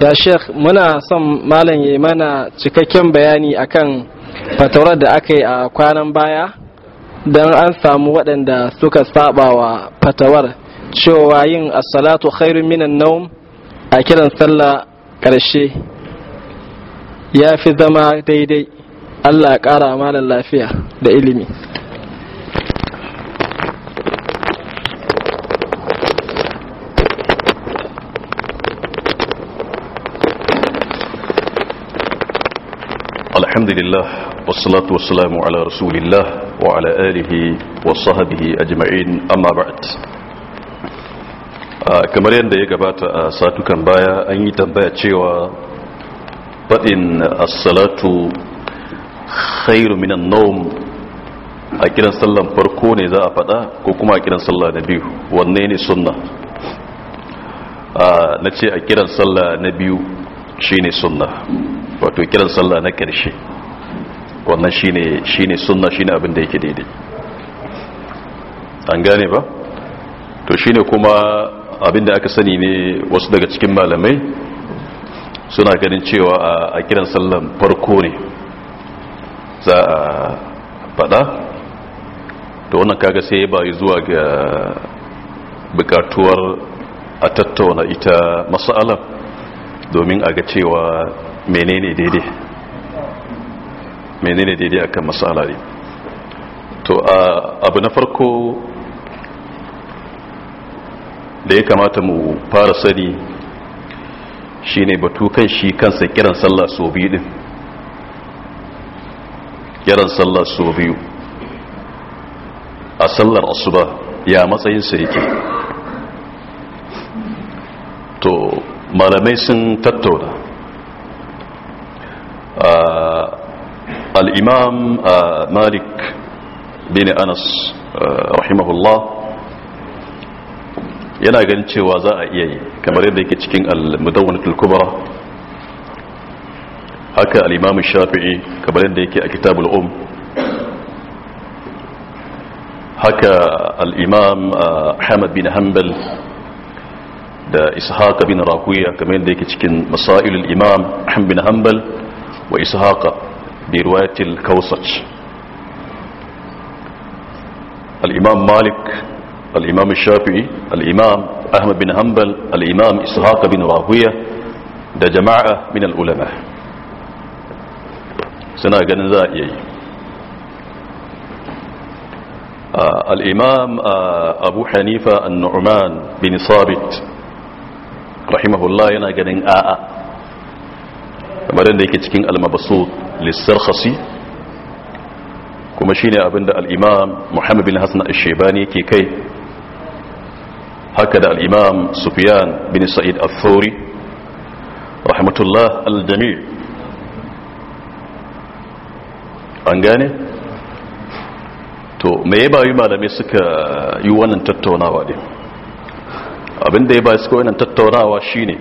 ya sheikh muna son malam ya mana cikakken bayani akan fatawar da aka yi a kwanan baya don an samu waɗanda suka saba wa fatawar cewa yin asalatu khairu minan naum a kiran sallah ƙarshe ya fi zama daidai allah ƙara malam lafiya da ilimi الحمد لله والصلاة والسلام على رسول الله وعلى آله وصحبه أجمعين أما بعد kamar yadda ya gabata a satukan baya anyi tambaya cewa faɗin assalatu khairu minan naum a kiran sallan farko ne za a faɗa ko kuma a kiran sallah na biyu wanne ne sunna ah, na ce a kiran sallah na biyu shine sunna wato kiran sallah na ƙarshe wannan shine shine sunna shine abin da yake daidai an gane ba to shine kuma abin da aka sani ne wasu daga cikin malamai suna ganin cewa a kiran sallan farko ne za a faɗa to wannan kaga sai bayi zuwa ga bukatuwar a tattauna ita masala domin a ga cewa menene daidai menene daidai akan matsala ne to abu na farko da ya kamata mu fara sani shine batu kan shi kansa kiran sallah so biyu din kiran sallah so biyu a sallar asuba ya matsayin sa yake to malamai sun tattauna مالك malik bin anas الله yana ganin cewa za a iya yi kamar yadda yake cikin al al kubra haka al-imam shafi'i kamar yadda yake a kitabul um haka al-imam ahmad bin hanbal da ishaq bin rahuya kamar yadda yake cikin masailul imam ahmad bin hanbal وإسهاق برواية الكوسج الإمام مالك الإمام الشافعي الإمام أحمد بن حنبل الإمام إسهاق بن راهوية ده جماعة من العلماء سنة جنزائي آه الإمام آه أبو حنيفة النعمان بن صابت رحمه الله ينا جنن آآ آه kamar yadda yake cikin almabasu lissarkhasi kuma shine abinda al-imam Muhammad bin Hassan al-Shaybani yake kai haka da al-imam Sufyan bin Sa'id al-Thawri rahmatullah al-jami' an gane to me ya bayu malamai suka yi wannan tattaunawa din abinda ya bayu suka wannan tattaunawa shine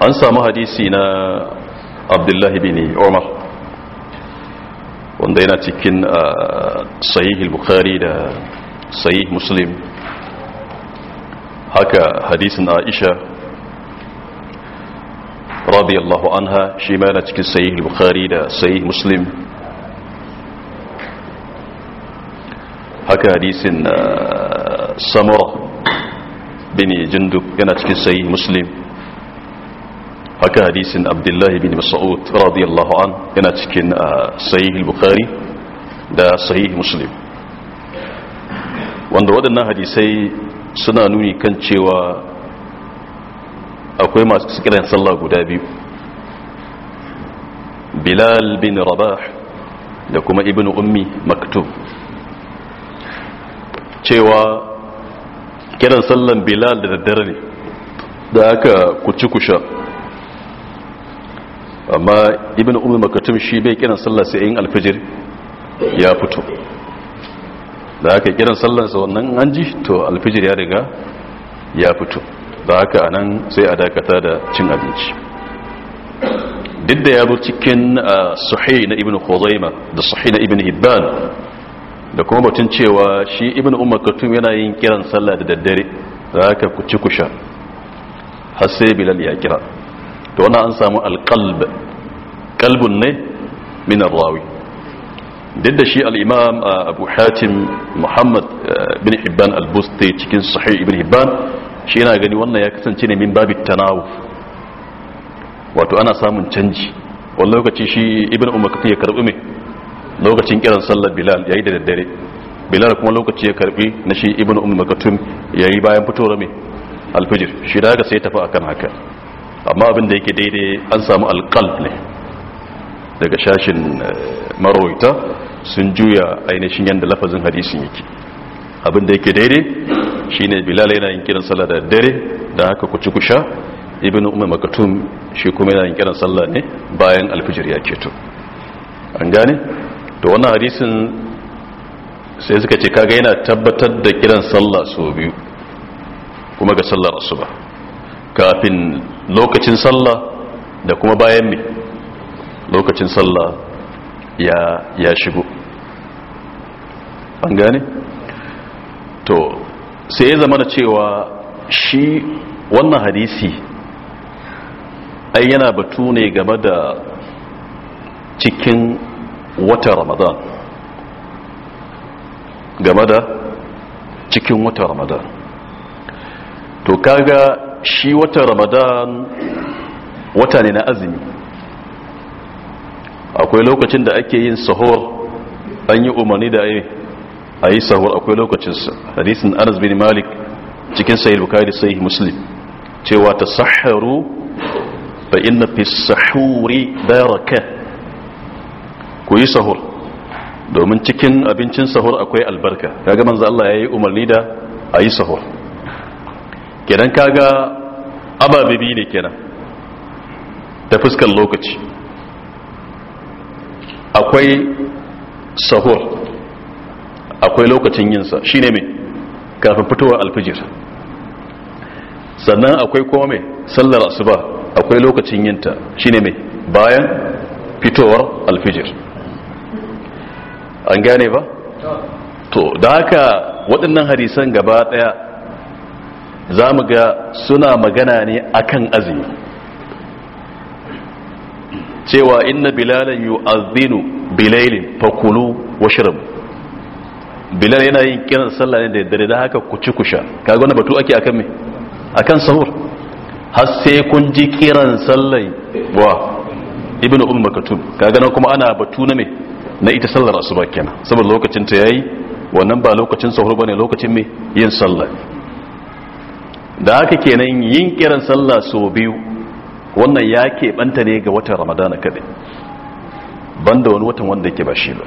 an samu hadisi na abdullahi bin umar wanda yana cikin sahih bukhari da sahih muslim haka hadisin aisha radiyallahu anha shi ma yana cikin sahih bukhari da sahih muslim haka hadisin samura bin jinduk yana cikin sahih muslim haka hadisin abdullahi bin mas'ud radiyallahu an yana cikin uh, sahih bukhari da sahih muslim wanda waɗannan hadisai suna nuni kan cewa akwai masu kiran sallah guda biyu bilal bin rabah da kuma ibn ummi maktub cewa kiran sallan bilal da daddare ne da aka kuci amma ibn umar makatun shi bai kiran sallah sai yin alfijir ya fito da aka kiran sallansa wannan an ji to alfijir ya riga ya fito da aka a nan sai a dakata da cin abinci duk da ya zo cikin suhi na ibn khuzaima da suhi na ibn hibban da kuma batun cewa shi ibn umar katun yana yin kiran sallah da daddare da aka ku kusha har sai bilal ya kira to wannan an samu alqalb qalbun ne min rawi duk da shi al-imam uh, abu hatim muhammad uh, bin hibban al-busti cikin sahih ibn hibban shi yana gani wannan ya kasance ne min babi tanawuf wato ana samun canji wani lokaci shi ibn umar ya karɓi mai lokacin kiran sallar bilal yayi da daddare bilal kuma lokaci ya karbi na shi ibn umar katum yayi bayan fitowar mai alfijir shi da haka sai tafi kan haka amma abin da yake daidai an samu alƙalb ne daga shashin eh, marawaita sun juya ainihin yadda lafazin hadisin yake abin da yake daidai shine bilal yana yin kiran sallah da dare da haka ku ci ku sha ibn umar makatum shi kuma yana yin kiran sallah ne bayan alfijir ya keto an gane to wannan hadisin sai suka ce kaga yana tabbatar da kiran sallah sau biyu kuma ga sallar asuba kafin lokacin sallah da kuma bayan mai lokacin sallah ya shigo an gane? to sai ya zama cewa shi wannan hadisi ai yana batu ne game da cikin wata ramadan game da cikin wata ramadan to kaga shi watan ramadan wata ne na azumi akwai lokacin da ake yin sahur an yi umarni da a yi sahur akwai lokacinsa hadisin anas bin malik cikin sahih bukari sahih muslim cewa ta saharu fa inna fi sahuri baraka ku yi sahur domin cikin abincin sahur akwai albarka kaga manzo Allah yayi umarni da a yi sahur kenan kaga ababe biyu ne kenan da fuskar lokaci akwai sahur akwai lokacin yinsa shine mai kafin fitowar alfijir sannan akwai kuma mai sallar asuba akwai lokacin yinta shine mai bayan fitowar alfijir an gane ba to da haka waɗannan hadisan gaba ɗaya za mu ga suna magana ne a kan azumi cewa inna bilalan azinu bilailin fakulu shirin bilal yana yin kiran sallah ne da dare da haka ku ci ku sha kaga wannan batu ake akan a akan sahur har sai kun ji kiran sallah wa Ibn umar katum kaga nan kuma ana batu na mai na ita sallar asuba kenan saboda lokacin ta yayi wannan ba lokacin sahur bane lokacin mai yin sallah da haka kenan yin kiran sallah so biyu wannan ya keɓanta ne ga watan ramadana kaɗai banda wani watan wanda ke ba shi ba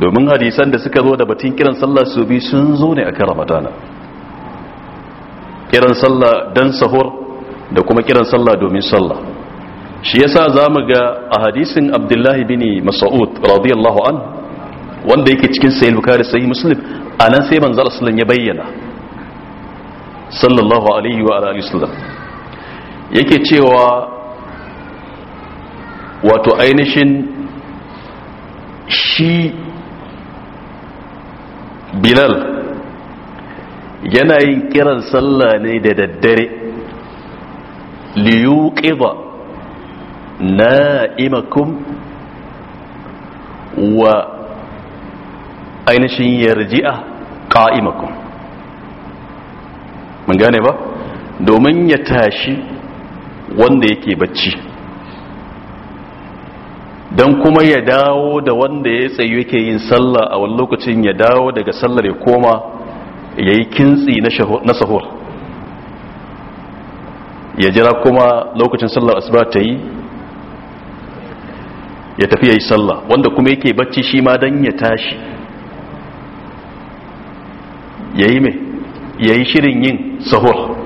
domin hadisan da suka zo da batun kiran sallah so biyu sun zo ne kan ramadana kiran sallah dan sahur da kuma kiran sallah domin sallah shi ya sa za mu ga a hadisin abdullahi bin mas'ud radiyallahu an wanda yake cikin sahih sayi musulun muslim nan sai manzo sallallahu ya bayyana sallallahu alaihi wa alihi wasallam yake cewa wato ainihin shi bilal yana yin kiran sallah ne da daddare liyuqiba na'imakum wa ainihin yarji'a qa'imakum mun gane ba domin ya tashi wanda yake bacci dan kuma ya dawo da wanda ya tsayi yake yin sallah a wani lokacin ya dawo daga sallar ya koma ya yi kintsi na sahur ya jira kuma lokacin sallar asuba ta yi ya tafi ya yi sallah wanda kuma yake bacci shi ma don ya tashi ya yi mai ya yi shirin yin sahur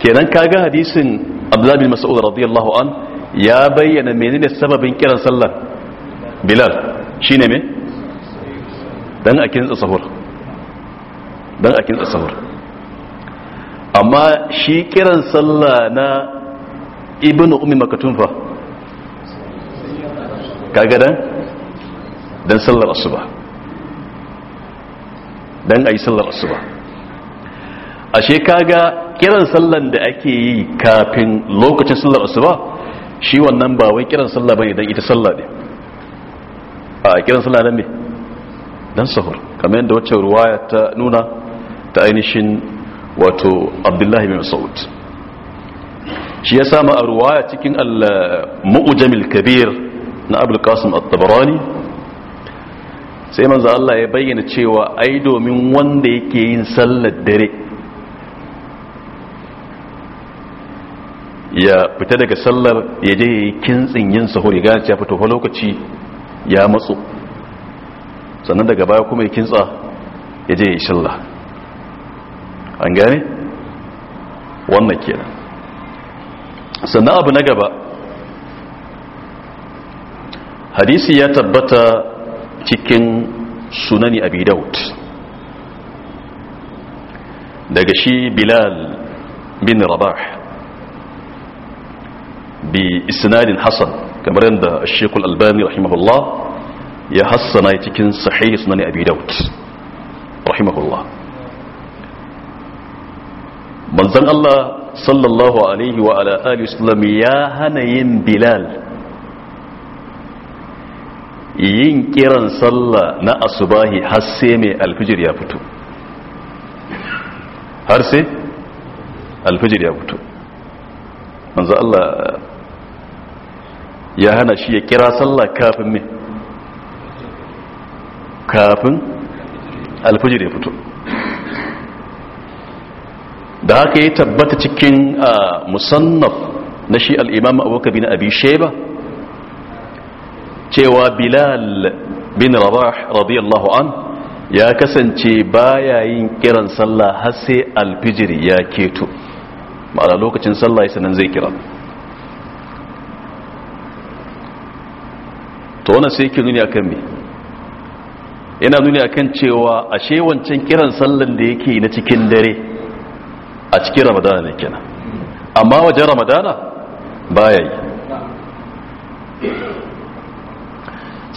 kenan kaga hadisin abdullahi bin mas'ud radiyallahu an ya bayyana menene sababin kiran sallar bilal shine me dan a kinsa sahur dan a kinsa sahur amma shi kiran sallah na ibnu ummi makatun fa kaga dan dan sallar asuba dan ayi sallar asuba ashe kaga kiran sallan da ake yi kafin lokacin sallar asuba shi wannan ba wai kiran sallah bane dan ita sallah ne a kiran sallah ne dan sahur kamar yadda wacce ruwaya ta nuna ta ainihin wato Abdullahi bin saud shi ya samu a ruwaya cikin al-mu'jamil kabir na abul Qasim at-Tabarani sai manzo Allah ya bayyana cewa ai domin wanda yake yin sallar dare ya fita daga sallar ya je ya yi kintsin yin sahur ya gane cewa fito fa lokaci ya matso sannan daga baya kuma ya kintsa ya je ya yi sallah an gane wannan kenan sannan abu na gaba hadisi ya tabbata cikin sunani abi daud daga shi bilal bin rabah بإسناد حسن كما عند الشيخ الألباني رحمه الله يحسن يتكن صحيح سنن أبي داود رحمه الله من زن الله صلى الله عليه وعلى آله وسلم يا هنين بلال yin kiran sallah na asubahi har sai mai alfijir ya fito har sai alfijir ya fito manzo Allah ya hana shi ya kira sallah kafin me kafin alfijir ya fito da haka ya tabbata cikin musannaf na shi al'imam abokan na abi sheba cewa bilal bin rabah radiyallahu an ya kasance baya yin kiran sallah har sai alfijir ya keto ma'ana lokacin sallah ya sanan zai kira to wannan sai yake nuni akan me yana nuni akan cewa ashe wancan kiran sallan da yake na cikin dare a cikin ramadana ne kenan amma wajen ramadana baya yi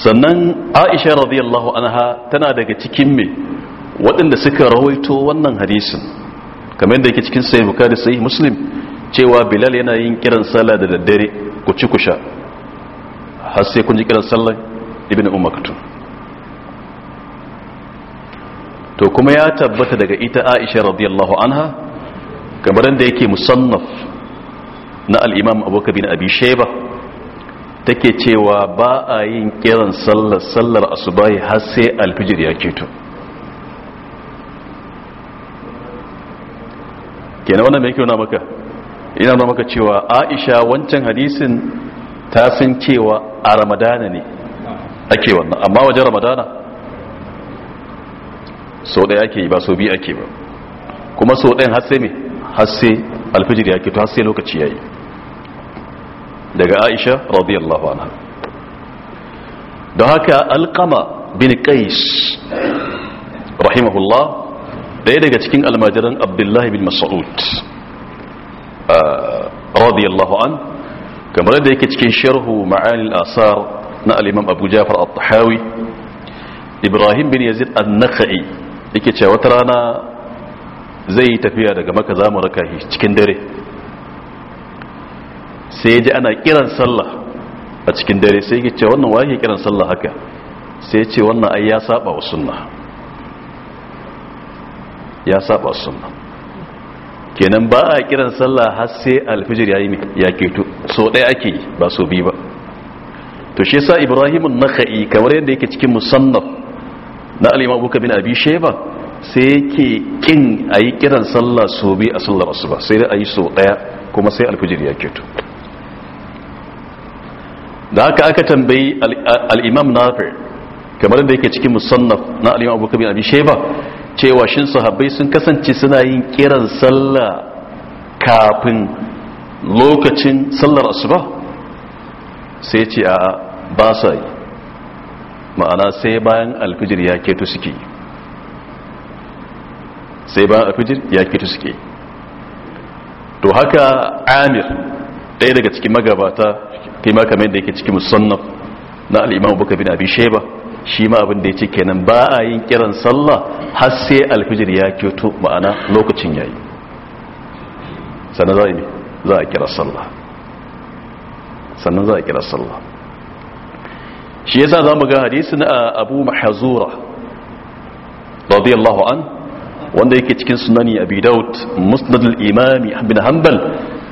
sannan aisha radiyallahu anha tana daga cikin me waɗanda suka rawaito wannan hadisin kamar yadda yake cikin sahih bukhari sahih muslim cewa bilal yana yin kiran sallah da daddare ku ci ku sha har sai kun ji kiran sallar ibn umar to kuma ya tabbata daga ita aisha radiyallahu anha kamar da yake musannaf na al'imam abokan bin abi sheba take cewa ba a yin kiran sallar sallar asubahi har sai alfijir ya keto kenan wannan mai kyau na maka ina na maka cewa aisha wancan hadisin ta san cewa a ramadana ne ake wannan amma wajen ramadana sau ɗaya ake yi ba sau biyu ake ba kuma sau ɗayan hasse mai hasse alfijir ya kito lokaci yayi daga aisha radiyallahu anha don haka alkama bin qais rahimahullah ɗaya daga cikin almajiran abdullahi bin mas'ud ah, radiyallahu an kamar da yake cikin sharhu ma'anil asar na al-imam Abu Ja'far al-Tahawi Ibrahim bin Yazid an-Nakhai yake cewa wata rana zai yi tafiya daga Makka zamu raka shi cikin dare sai ji ana kiran sallah a cikin dare sai yake cewa wannan waye kiran sallah haka sai ya ce wannan ai ya saba wa sunna ya saba wa sunna kenan ba a kiran sallah har sai alfijir yayi ne ya keto so ɗaya ake yi ba so biyu ba to shi yasa ibrahim an-nakhai kamar yadda yake cikin musannaf na al-imam abu bin abi shayba sai yake kin ayi kiran sallah so biyu a sallar asuba sai dai ayi so ɗaya kuma sai alfijir ya keto da haka aka tambayi al-imam nafi kamar yadda yake cikin musannaf na al-imam abu bin abi shayba cewa shin sahabbai sun kasance suna yin kiran sallah kafin lokacin sallar asuba sai ce a ba sa yi ma'ana sai bayan alfijir ya keto suke sai bayan alfijir ya keto suke to haka amir ɗaya daga cikin magabata kai makamai da yake cikin musannaf na al'imam bin abin sheba shi ma abin da ya ce kenan ba a yin kiran sallah har sai alfijir ya kyoto ma'ana lokacin ya yi sannan za a kira sallah sannan za a kira sallah shi yasa za mu ga hadisin na uh, abu mahazura radiyallahu an wanda yake cikin sunani abi daud musnad al-imami bin hanbal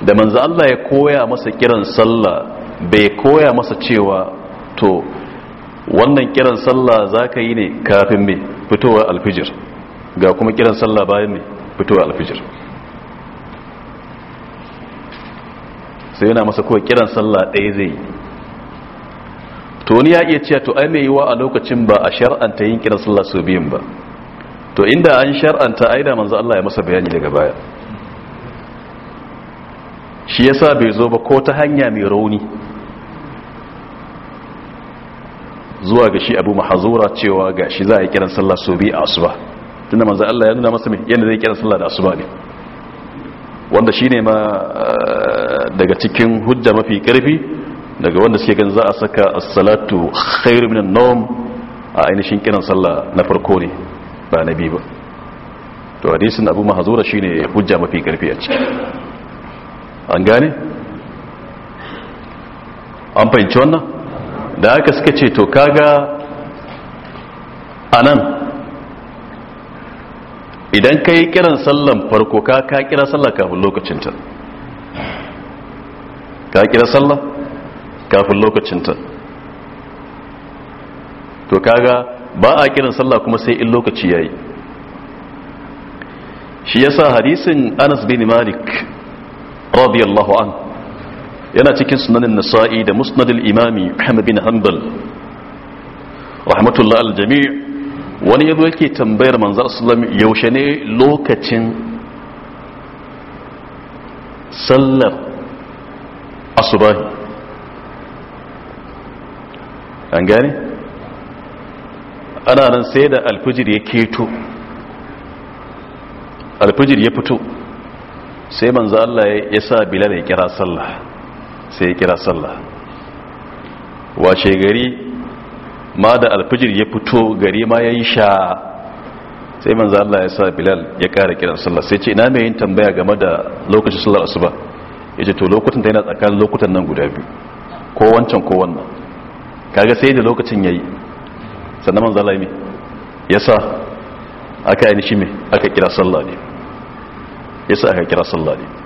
da manzo Allah ya koya masa kiran sallah bai koya masa cewa to wannan kiran sallah za ka yi ne kafin mai fitowar alfijir ga kuma kiran sallah bayan mai fitowar alfijir sai yana masa kowa kiran sallah ɗaya zai yi to ni ya iya cewa to ai mai yiwa a lokacin ba a shar'anta yin kiran sallah su biyun ba to inda an shar'anta ai da manzo Allah ya masa bayani daga baya shi yasa bai zo ba ko ta hanya mai rauni zuwa ga shi abu mahazura cewa ga shi za a yi kiran sallah su biyu a asuba tunda manzan Allah ya nuna masa mai yadda zai kiran sallah da asuba ne wanda shine ma eh, daga cikin hujja mafi karfi daga wanda suke gan za a saka asalatu salatu khairu minan a ainihin kiran sallah na farko ne ba na biyu ba to hadisin abu mahazura shine hujja mafi karfi a ciki an gane an fahimci wannan da haka suka ce to kaga nan idan ka yi kiran sallan farko ka ka kira sallah kafin lokacinta ka kira sallah kafin lokacinta to kaga ba a kiran sallah kuma sai in lokaci yayi shi yasa hadisin Anas bin Malik radiyallahu anhu yana cikin sunanin nasa'i da musnadul imami Ahmad bin Hanbal rahmatullah al wani yazo yake tambayar manzar sallam yaushe ne lokacin sallar asubahi an gane ana nan sai da alfijir ya keto alfijir ya fito sai manzo Allah ya sa bilal ya kira sallah sai ya kira sallah washe gari ma da alfijir ya fito gari ma ya yi sha sai manzo Allah ya sa Bilal ya kara kiran sallah sai ce ina mai yin tambaya game da lokacin sallar asuba yace to lokutan da yana tsakanin lokutan nan guda biyu ko wancan ko wannan kaga sai da lokacin yayi sannan manzo Allah ya yasa aka yi shi me aka kira sallah ne yasa aka kira sallah ne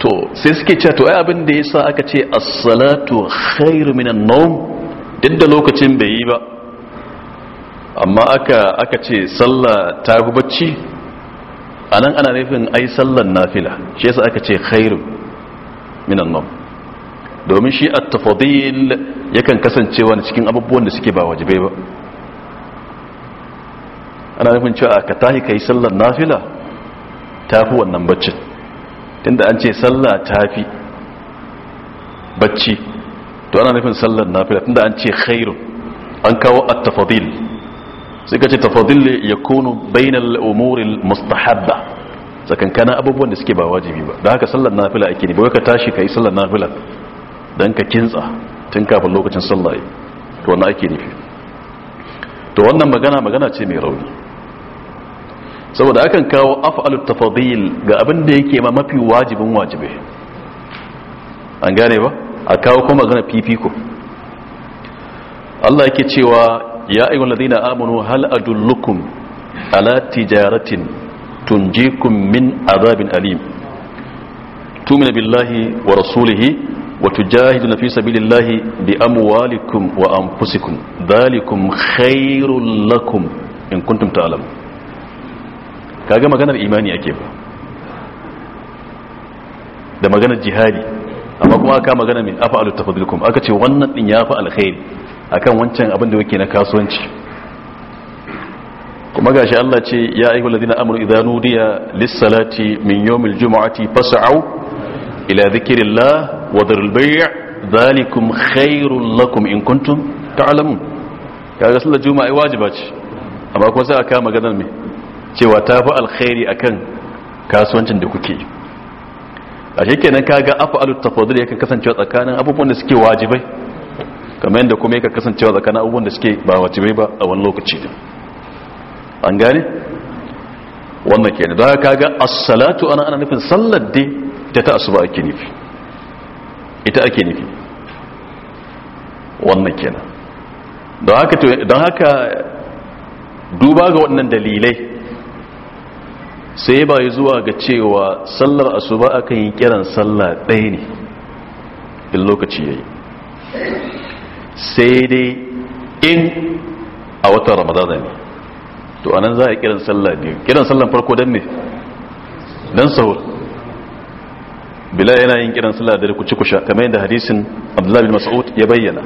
to sai suke cewa to ai abin da yasa aka ce as-salatu khairu minan nawm duk da lokacin bai yi ba amma aka aka ce sallah ta fi bacci anan ana nufin ai sallan nafila shi yasa aka ce khairu minan nawm domin shi at-tafadil yakan kasancewa cikin abubuwan da suke ba wajibai ba ana nufin cewa ka tahi kai sallar nafila tafi wannan baccin tunda an ce sallah tafi bacci to ana nufin sallar nafila tunda an ce khairu an kawo at-tafadil sai ce tafadil kunu bainal umuril mustahabba kana abubuwan da suke ba wajibi ba da haka sallar nafila ake ne bai ka tashi kai sallar nafila dan ka kintsa tun kafin lokacin sallah to wannan ake nufi to wannan magana magana ce mai rauni saboda akan kawo af'alut tafadil ga abin da yake ma mafi wajibin wajibi an gane ba a kawo kuma magana fifiko Allah yake cewa ya ayyuhal ladina amanu hal adullukum ala tijaratin tunjikum min azabin alim tu'minu billahi wa rasulihi wa tujahiduna fi sabilillahi bi amwalikum wa anfusikum dhalikum khairul lakum in kuntum ta'lamun kaga maganar imani ake ba da maganar jihadi amma kuma aka magana min afa alu tafadilkum aka ce wannan din ya fi alkhairi akan wancan abin da yake na kasuwanci kuma gashi Allah ce ya ayyuhal ladina amanu idza nudiya lis-salati min yawmil jumu'ati fas'au ila dhikrillah wa dharul bay' dhalikum khairul lakum in kuntum ta'lamun kaga sallar juma'a wajiba ce amma kuma sai aka maganar min. cewa ta fi alkhairi a kan kasuwancin da kuke a a nan kaga afa'alu ya kan kasancewa tsakanin abubuwan da suke wajibai kamar yadda kuma ya kan kasancewa tsakanin abubuwan da suke ba wajibai ba a wani lokaci din an gane wannan kenan da kaga ga salatu ana ana nufin sallar dai ta ta asuba ake nufi ita ake nufi wannan kenan don haka don haka duba ga wannan dalilai sai ba yi zuwa ga cewa sallar asuba aka yi kiran sallah ɗaya ne in lokaci ya yi sai dai in a watan ramadana ne to anan za a yi kiran sallah biyu kiran sallan farko don ne don sahur bila yana yin kiran sallah da rikuci ci kamar yadda hadisin abdullahi bin mas'ud ya bayyana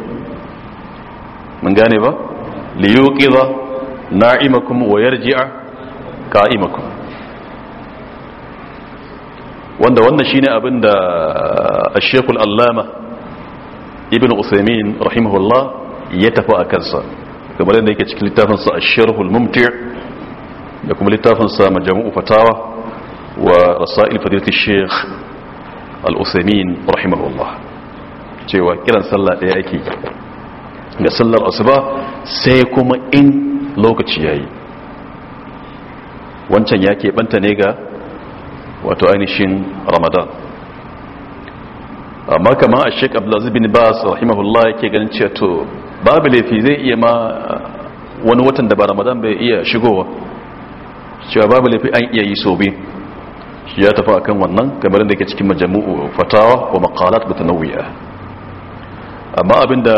mun gane ba ba na'imakum wayar ji'a ka'imakum wanda wannan shine abin da ashekul uh, allama ibn usaimin rahimahullah ya tafi a kansa kamar yadda yake cikin littafinsa a mumtir da kuma littafinsa majamu'u fatawa wa rasa'il fadilatul sheikh al-usaimin rahimahullah cewa kiran sallah ɗaya ake ga sallar asuba sai kuma in lokaci yayi wancan yake banta ne ga wato ainihin ramadan amma kama a sheik abdulaziz bin bas rahimahullah yake ganin cewa to babu laifi zai iya ma wani watan da ba ramadan bai iya shigowa cewa babu laifi an iya yi sobe shi ya tafi akan wannan kamar da ke cikin majamu'u fatawa wa maqalat mutanawwi'a amma abinda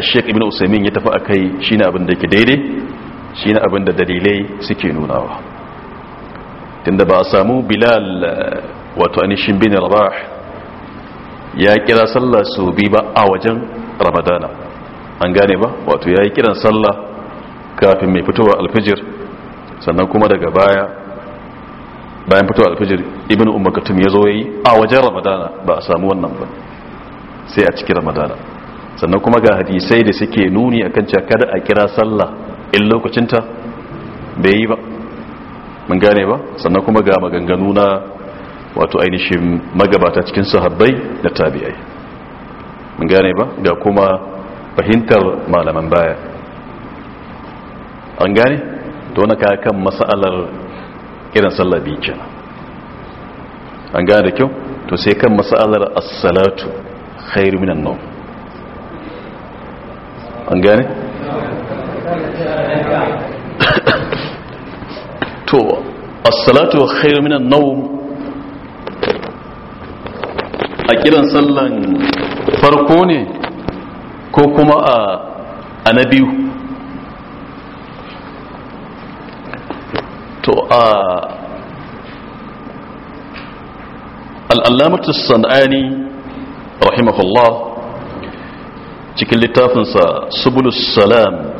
shek Ibn usaimin ya tafi a akai shine abin da ke daidai shine abin da dalilai suke nunawa tunda ba a samu bilal wato anishin bin rabah ya kira sallah su bi ba a wajen ramadana an gane ba wato ya yi kiran sallah kafin mai fitowa alfijir sannan kuma daga baya bayan fitowa alfijir ibn umar ya zo ya yi a wajen ramadana ba a samu wannan ba sai a cikin ramadana sannan kuma ga hadisai da suke nuni akan cewa kada a kira sallah in lokacinta bai yi ba mun gane ba sannan kuma ga maganganu na wato ainihin magabata cikin sahabbai da tabi'ai mun gane ba ga kuma fahimtar malaman baya an gane to na kan masalar irin sallah kenan an gane da kyau to sai kan masalar as-salatu khairu minan nawm an gane to as-salatu khairu minan nawm a kiran sallan farko ne ko kuma a na biyu to a al'alamatu san'ani rahimahullah cikin littafinsa subulus salam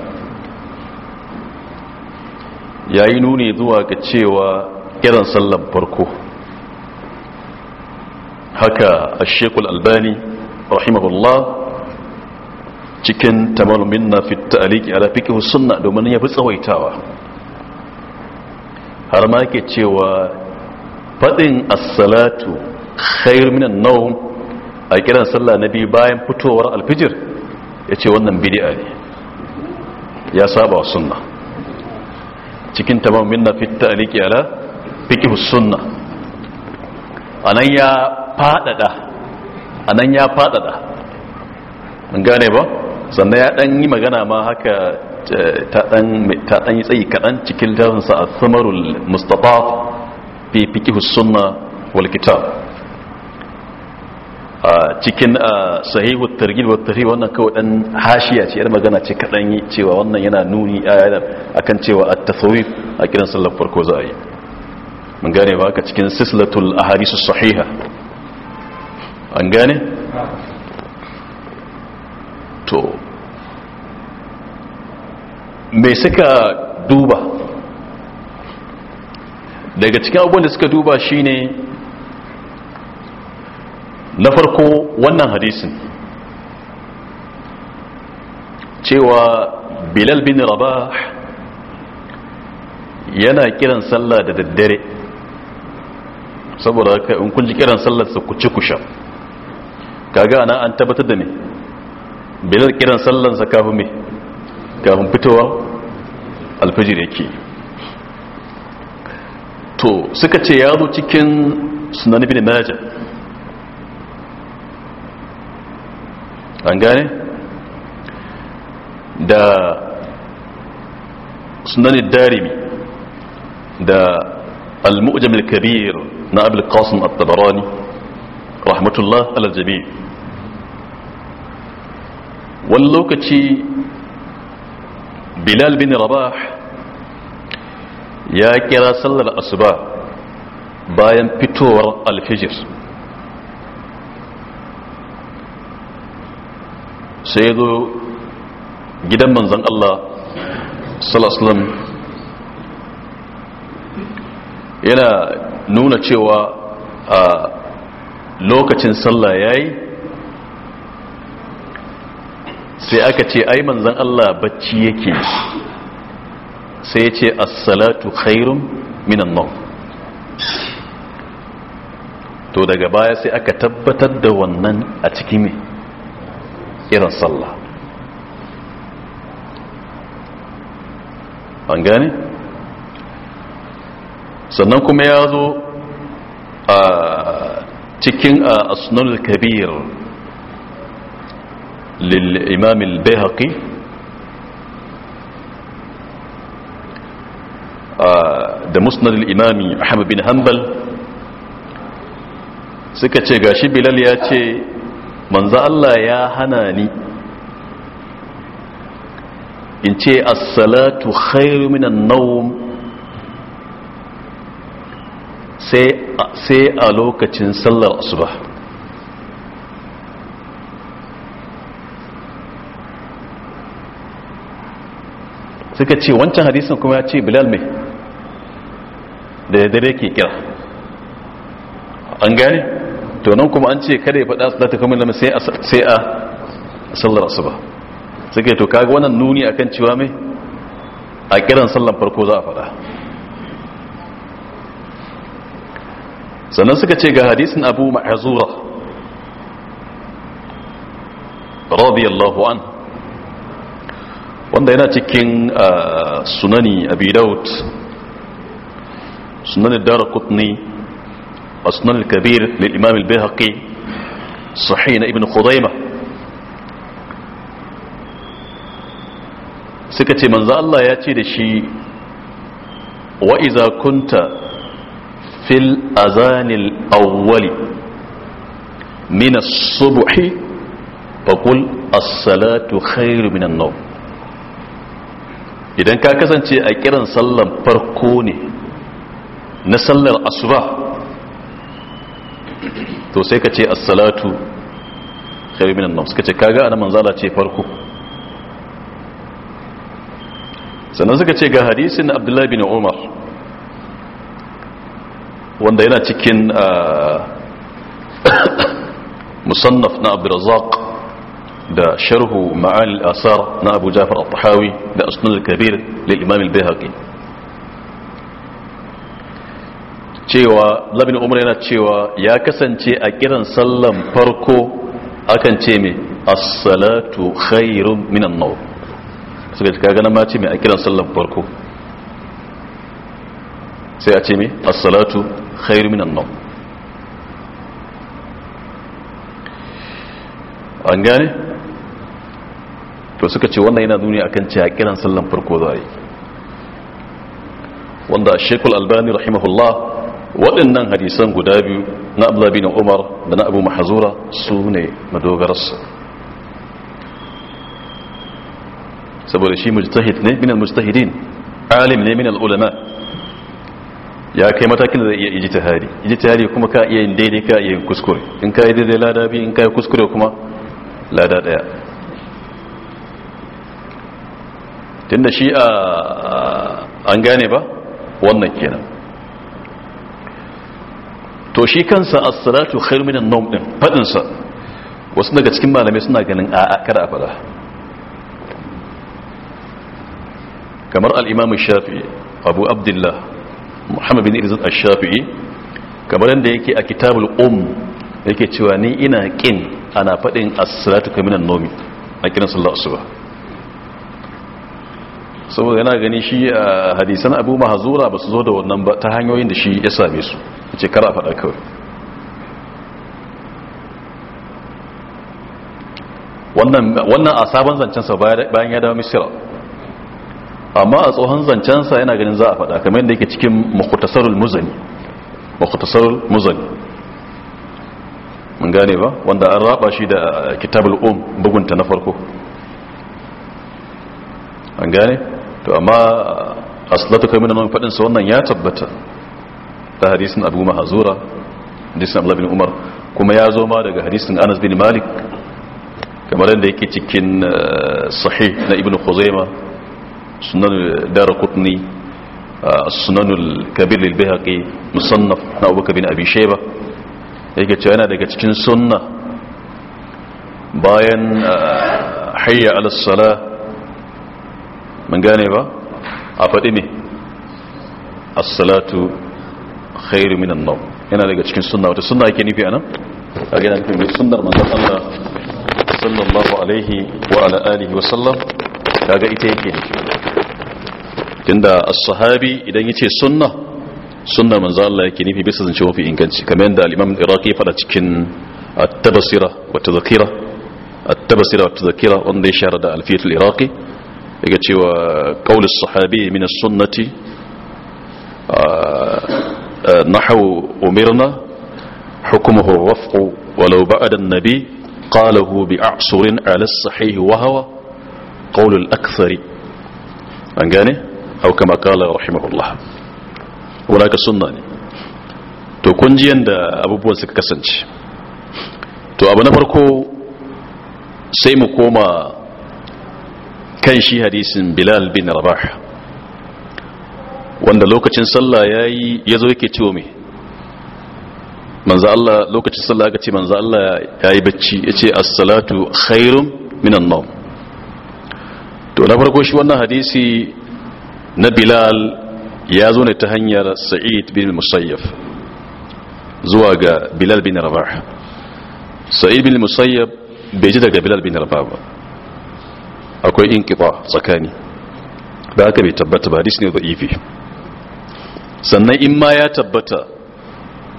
ya yi nuni zuwa ga cewa irin sallar farko haka a shekul albani rahimahullah cikin tamalumin na fita aliki ala fikihu domin ya fi tsawaitawa har ma ke cewa faɗin assalatu khair minan naum a kiran sallah na biyu bayan fitowar alfijir ya ce wannan bidi'a ne ya saba wa sunna cikin tamam minna fitta aliki ala fiqh sunna anan ya fadada anan ya fadada mun gane ba sannan ya dan yi magana ma haka eh, ta dan ta dan yi tsayi kadan cikin tafsirin sa as-samarul mustataf fi fiqh sunna wal kitab cikin sahihu targhib wa tarhib wannan kawai dan hashiya ce yar magana ce kadan cewa wannan yana nuni akan cewa at-tasawuf a kiran sallar farko za a yi mun gane ba ka cikin sislatul ahadith sahiha an gane to me suka duba daga cikin abubuwan da suka duba shine na farko wannan hadisin cewa bilal bin rabah yana kiran sallah da daddare saboda haka in kun ji kiran sallarsa ku ci ku sha kaga ana an tabbatar da ni bilal kiran sallarsa kafin me kafin fitowa alfajir yake to suka ce ya zo cikin sunan bin majah an gane da sunanin darimi da al-mu'jam al-kabir na abul qasim at-tabarani rahmatullah al-jami wani lokaci bilal bin rabah ya kira sallar asuba bayan fitowar alfijir sai ya zo gidan manzan Allah salaslam yana nuna cewa a lokacin sallah ya yi sai aka ce ai manzan Allah bacci yake sai ya ce assalatu khairun minan nau to daga baya sai aka tabbatar da wannan a cikin mai irin sallah an gane sannan kuma ya zo a cikin asnul kabir للإمام البيهقي da musnad imami ahmad bin hanbal suka ce gashi bilal ya ce manzo Allah ya hana ni in ce as-salatu khairu minan nawm sai a lokacin sallar asuba suka ce wancan hadisin kuma ya ce bilal mai da dare ke kira an gane to nan kuma an ce kada ya faɗa salata kamar sai a sallar asuba ke to kaga wannan nuni akan cewa mai a kiran sallan farko za a faɗa sannan suka ce ga hadisin abu ma'azura radiyallahu an wanda yana cikin ah, sunani abi daud sunani dara مسنن الكبير للإمام البيهقي صحيح ابن خضيمة سكتي من ذا الله ياتي لشي وإذا كنت في الأذان الأول من الصبح فقل الصلاة خير من النوم idan ka kasance a kiran sallan farko ne na sallar asuba to sai ka ce as-salatu khairu suka ce kaga ana manzala ce farko sannan suka ce ga hadisin abdullahi bin umar wanda yana cikin ah, musannaf na abdurrazzaq da sharhu ma'al asar na abu jafar al-tahawi da asnul kabir lil imam al-bihaqi cewa labin umar yana cewa ya kasance a kiran sallan farko akan ce mai assalatu khairun minan nau suka cika ganin ma ce mai a kiran sallan farko sai a ce mai assalatu khairun minan nau an gane to suka ce wannan yana duniya akan ce a kiran sallan farko zai wanda shekul albani rahimahullah waɗannan hadisan guda biyu na abdullabi na umar da na abu mahazura su ne madogararsu saboda shi mujtahid ne minal mujtahidin alim ne minal ulama ya kai matakin da zai iya ijtihadi ijtihadi kuma ka iya yin daidai ka iya yin kuskure in ka yi daidai lada biyu in ka yi kuskure kuma lada daya tunda shi a ah, an gane ba wannan kenan to shi kansa as-salatu khairu minan nawm din fadin sa wasu daga cikin malamai suna ganin a'a kada a fada kamar al-imam shafi'i abu abdullah muhammad bin irzat ash-shafi'i kamar yadda yake a kitabul um yake cewa ni ina kin ana fadin as-salatu khairu minan nawm a kiran sallar asuba saboda yana gani shi a hadisan abu mahazura ba su zo da wannan ba ta hanyoyin da shi ya same su ce kara faɗa kawai wannan a sabon zancensa bayan ya dawo misira amma a tsohon zancensa yana ganin za a faɗa kamar yadda yake cikin makutasarul muzani makutasarul muzani mun gane ba wanda an raba shi da kitabul um bugunta na farko an gane to amma aslatu kai mun faɗin sa wannan ya tabbata ta hadisin Abu Mahzura hadisin abu bin Umar kuma ya zo ma daga hadisin Anas bin Malik kamar yadda yake cikin eh, sahih na Ibn Khuzaimah sunan Darqutni eh, sunan kabir lil-Bihaqi musannaf na Abu bin Abi Shayba yake cewa yana daga cikin sunna bayan eh, hayya ala mun gane ba a faɗi ne as-salatu khairu minan nawm yana daga cikin sunna wata sunna yake nufi anan a ga nufin mai sunnar manzon Allah sallallahu alaihi wa ala alihi wa sallam kaga ita yake nufi tunda as-sahabi idan yace sunna sunna manzon Allah yake nufi bisa zance mafi inganci kamar yadda al-imam iraqi fada cikin at-tabsira wa tadhkira at-tabsira wa tadhkira wanda ya shahara da alfiyatul iraqi yake cewa qaulus sahabi min as-sunnati nahwu umirna hukmuhu ar-raf'u walau ba'da an-nabi qalahu bi'asrin 'ala as-sahih wa huwa qaul al-akthari an gane aw kama qala rahimahullah wala ka sunna ne to kun ji yanda abubuwan suka kasance to abu na farko sai mu koma kan shi hadisin bilal bin rabah wanda lokacin sallah ya yi ya zo yake ciwo mai manzo Allah lokacin sallah aka ce manzo Allah ya yi bacci ya ce salatu khairum minan nom to na farko shi wannan hadisi na bilal ya zo ne ta hanyar sa'id bin musayyaf zuwa ga bilal bin rabah sa'id bin musayyaf bai ji daga bilal bin rabah ba akwai inkiba tsakani da haka bai tabbata ba hadisi ne da'ifi sannan in ma ya tabbata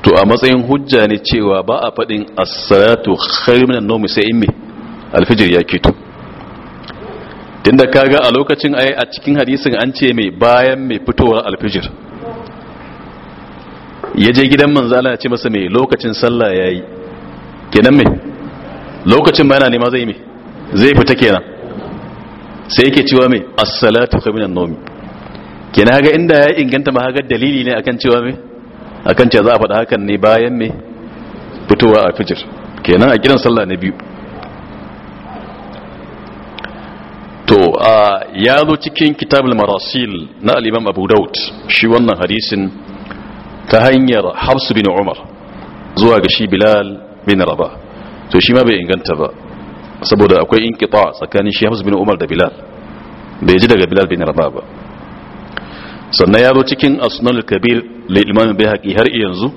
to a matsayin hujja ne cewa ba a faɗin as-salatu khairu minan nawmi sai in me alfijir ya kito tunda kaga a lokacin ai a cikin hadisin an ce mai bayan mai fitowar alfijir ya je gidan manzo Allah ya ce masa mai lokacin sallah yayi kenan mai lokacin ma yana nema zai mai zai fita kenan sai yake cewa mai assalatu salatu nomi ke na haga inda ya inganta ma dalili ne akan cewa mai akan cewa za a faɗa hakan ne bayan mai fitowa a fijir kenan a gidan sallah na biyu to ya zo cikin kitabul marasil na al-imam Abu Daud shi wannan hadisin ta hanyar harsu bin Umar zuwa ga shi Bilal bin Raba to shi ma bai inganta ba saboda akwai inqita tsakanin shi bin Umar da Bilal bai ji daga Bilal bin Rabah ba sannan ya zo cikin asunan kabir li bai har yanzu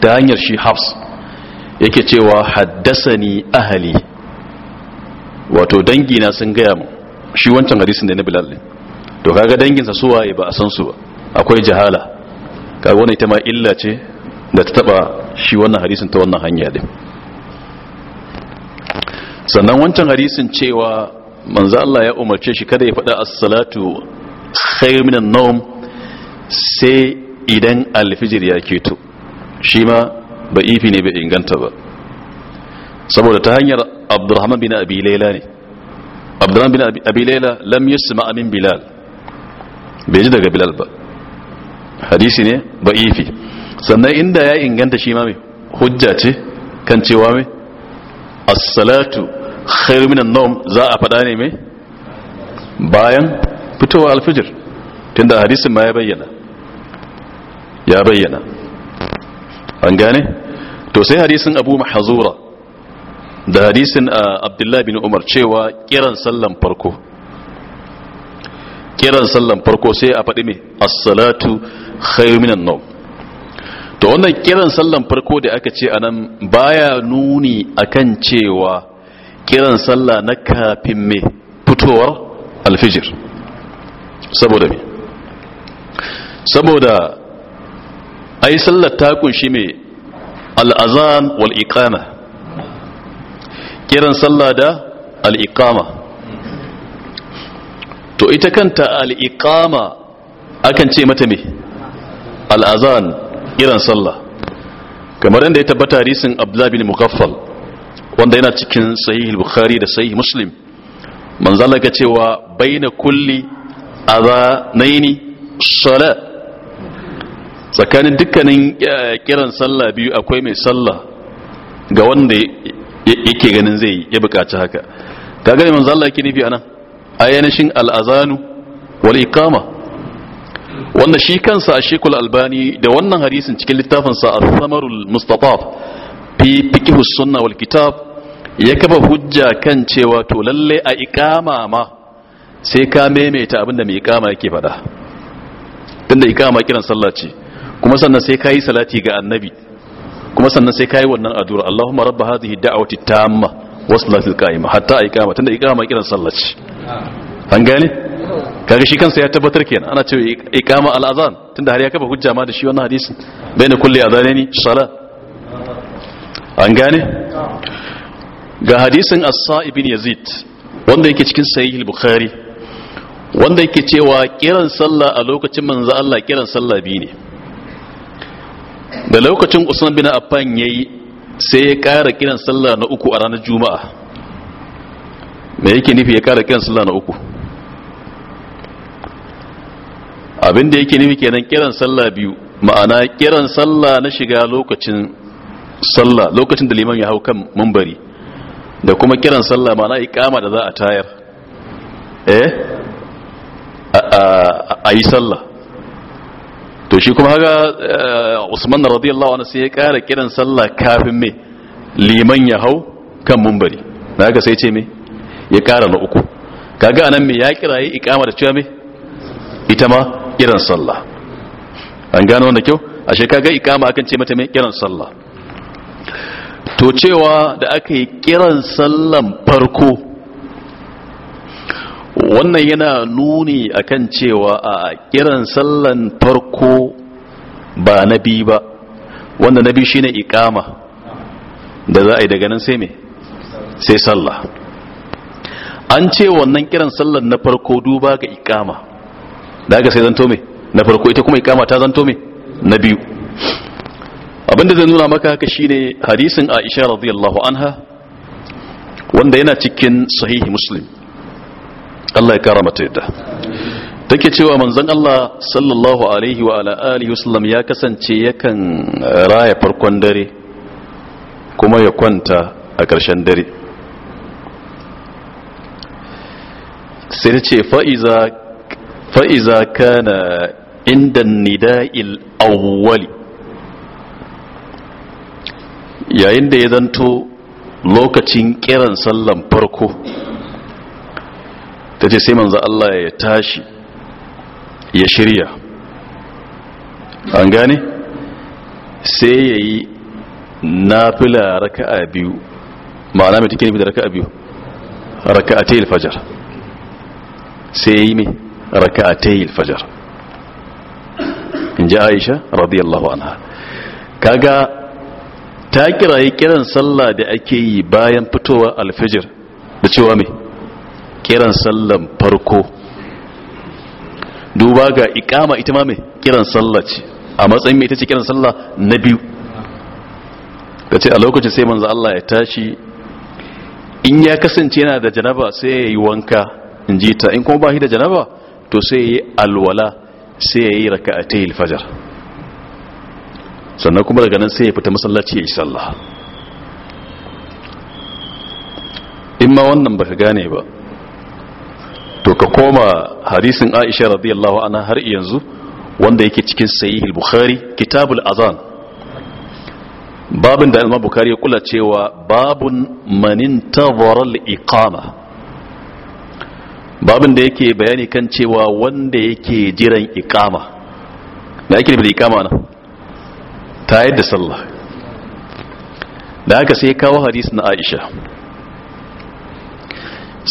ta hanyar shi Hafs yake cewa ni ahali, wato dangi na sun gaya mu shi wancan hadisin da na Bilal ne to kaga danginsa su waye ba a san su ba akwai jahala kaga wani ita ma illa ce da ta taba shi wannan hadisin ta wannan hanya din sannan wancan hadisin cewa manzo Allah ya umarce shi kada ya faɗa as-salatu khairu minan nawm sai idan alfijir ya keto shi ma ba ifi ne bai inganta ba saboda ta hanyar abdurrahman bin abi Layla ne abdurrahman bin abi Layla lam yusma amin bilal bai ji daga bilal ba hadisi ne ba ifi sannan inda ya inganta shi ma mai hujja ce kan cewa mai as-salatu khairu minan nawm za a faɗa ne mai bayan fitowa alfijir tunda hadisin ma ya bayyana ya bayyana an gane to sai hadisin abu mahazura da hadisin ah, abdullahi bin umar cewa kiran sallan farko kiran sallan farko sai a faɗi mai assalatu khairu minan nawm to wannan kiran sallan farko da aka ce anan baya nuni akan cewa kiran sallah na kafin mai fitowar alfijir saboda me saboda ai sallar ta kunshi mai al'azan wal'iƙama kiran sallah da al'iƙama to ita kanta al'iƙama akan ce mata mai al'azan kiran sallah kamar yadda ya tabbata risin abdullahi bin mukaffal wanda yana cikin sahih bukhari da sahih muslim manzo Allah cewa baina kulli adhanaini sala tsakanin dukkanin eh, kiran sallah biyu akwai mai sallah ga wanda yake ganin zai ya bukaci haka kaga ne manzo Allah yake nufi anan ayanashin al-azanu wal iqama wanda shi kansa a shekul albani da wannan hadisin cikin sa a samarul mustataf shafi fikihu sunna wal kitab ya kafa hujja kan cewa to lalle a iqama ma sai ka maimaita abinda mai iqama yake faɗa tunda iqama kiran sallah ce kuma sannan sai kai salati ga annabi kuma sannan sai kai wannan addu'a Allahumma rabb hadhihi da'wati tamma wasalati qaima hatta iqama tunda iqama kiran sallah ce an gane kaga shi kansa ya tabbatar kenan ana cewa iqama al-azan tunda har ya kafa hujja ma da shi wannan hadisin bayna kulli adhanaini salat an gane ga hadisin assa ibn yazid wanda yake cikin sahih bukhari wanda yake cewa kiran sallah a lokacin manzo Allah kiran sallah biyu ne da lokacin Usman bin Affan yayi sai ya kara kiran sallah na uku a ranar Juma'a me yake nufi ya kara kiran sallah na uku abin da yake nufi kenan kiran sallah biyu ma'ana kiran sallah na shiga lokacin sallah lokacin da liman ya hau kan mambari da kuma kiran sallah ma na ikama da za a tayar eh a yi sallah to shi kuma haka eh, usman radiyallahu anhu sai ya kara kiran sallah kafin me liman ya hau kan mumbari na haka sai ce me ya kara na uku kaga anan me ya kira yi ikama da cewa me ita ma kiran sallah an gano wanda kyau ashe kaga ikama akan ce mata mai kiran sallah to cewa da aka yi kiran sallan farko wannan yana nuni akan cewa a kiran sallan farko ba na bi ba wanda na bi shine ikama da za a yi daga nan sai me sai sallah an ce wannan kiran sallan na farko duba ga ikama da aka sai zanto me na farko ita kuma ikama ta zanto me na biyu abinda zai nuna maka haka shine hadisin Aisha radiyallahu anha wanda yana cikin sahihi Muslim Allah ya kara mata yadda take cewa manzon Allah sallallahu alaihi wa ala alihi wasallam ya kasance yakan raya farkon dare kuma ya kwanta a ƙarshen dare sai da ce fa'iza fa'iza kana inda nida'il awwali yayin da ya zanto lokacin kiran sallan farko ta ce sai manzo Allah ya tashi ya shirya an gane sai ya yi nafila raka'a biyu ma'ana mai take nufi da raka'a biyu raka'atai alfajar sai ya yi mai raka'atai fajar in ji aisha radiyallahu anha kaga ta kiraye kiran sallah da ake yi bayan fitowar alfijir da cewa mai kiran sallan farko duba ga ikama ita ma mai kiran sallah ce a matsayin mai ita ce kiran sallah na biyu ta ce a lokacin sai manzo Allah ya tashi in ya kasance yana da janaba sai ya yi wanka in ji ta in kuma ba shi da janaba to sai ya yi alwala sai ya yi raka'atai alfajar sannan kuma daga nan sai ya fita masallaci ya yi sallah in ma wannan baka gane ba to ka koma hadisin Aisha radiyallahu anha har yanzu wanda yake cikin sahih bukhari kitabul azan babin da al Bukhari ya kula cewa babun manin tawara al-iqama babin da yake bayani kan cewa wanda yake jiran iqama da yake da iqama na ta yadda sallah da haka sai kawo hadis na aisha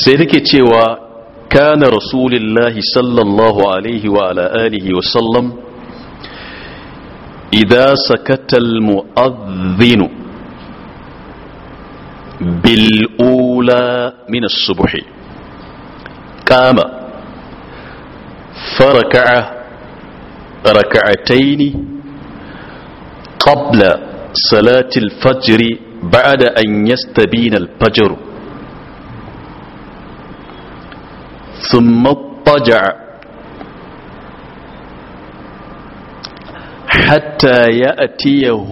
sai take cewa kana rasulillahi sallallahu alaihi wa ala alihi wa sallam idza sakata almu'adhdhin bil ula min as-subh qama faraka'a raka'ataini قبل صلاة الفجر بعد أن يستبين الفجر ثم اضطجع حتى يأتيه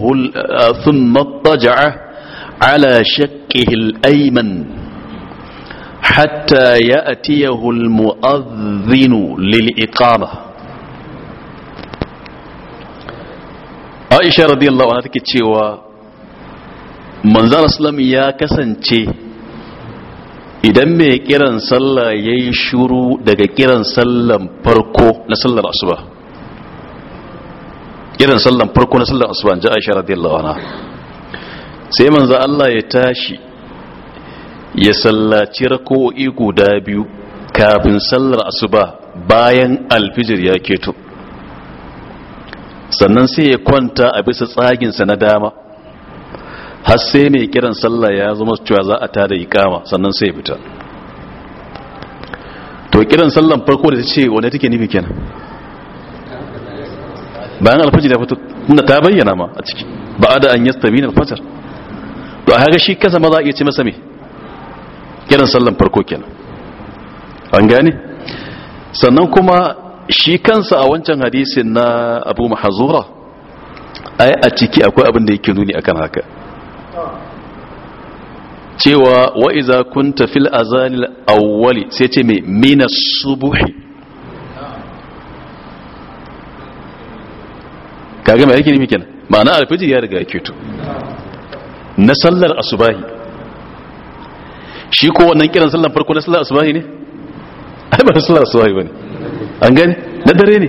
ثم اضطجع على شقه الأيمن حتى يأتيه المؤذن للإقامة aisha radiyallahu anha take cewa manzan islam ya kasance idan mai kiran sallah ya yi shuru daga kiran sallan farko na sallar asuba kiran sallan farko na sallar asuba ji aisha radiyallahu anha sai manzo Allah ya tashi ya sallaci rako'i guda biyu kafin sallar asuba bayan alfijir ya keto sannan sai ya kwanta a bisa tsaginsa na dama har sai mai kiran sallah ya zama cewa za a tada ikama sannan sai ya fita to kiran sallan farko da ta ce wanda take nufi kenan bayan alfaji da fito tunda ta bayyana ma a ciki ba da an yasta min alfajar to a haka shi kasa ma za a iya ce masa me kiran sallan farko kenan an gane sannan kuma shi kansa a wancan hadisin na abu mahazura ai a ciki akwai abin da yake nuni akan haka cewa wa iza kunta fil azanil awwali sai ce mai mina subuhi kaga mai yake nufi kenan ma'ana alfiji ya riga yake to na sallar asubahi shi ko wannan kiran sallar farko na sallar asubahi ne ai ba sallar asubahi bane an gani na dare ne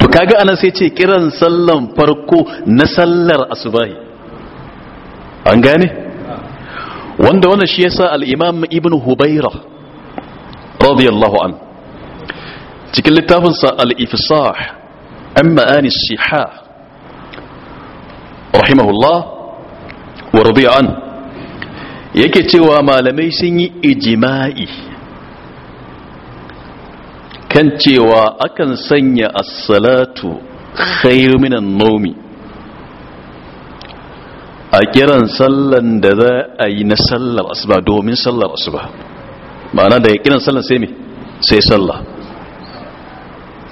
to kaga anan sai ce kiran sallan farko na sallar asubahi an gane wanda wannan shi yasa al-imam ibn hubayra radiyallahu an cikin littafin sa al-ifsah an ma'ani siha rahimahullah wa radiya an yake cewa malamai sun yi ijma'i kan cewa akan sanya assalatu khairu minan nomi a kiran sallan da za a yi na sallar asuba domin sallar asuba ma'ana da ya kiran sallan sai me sai sallah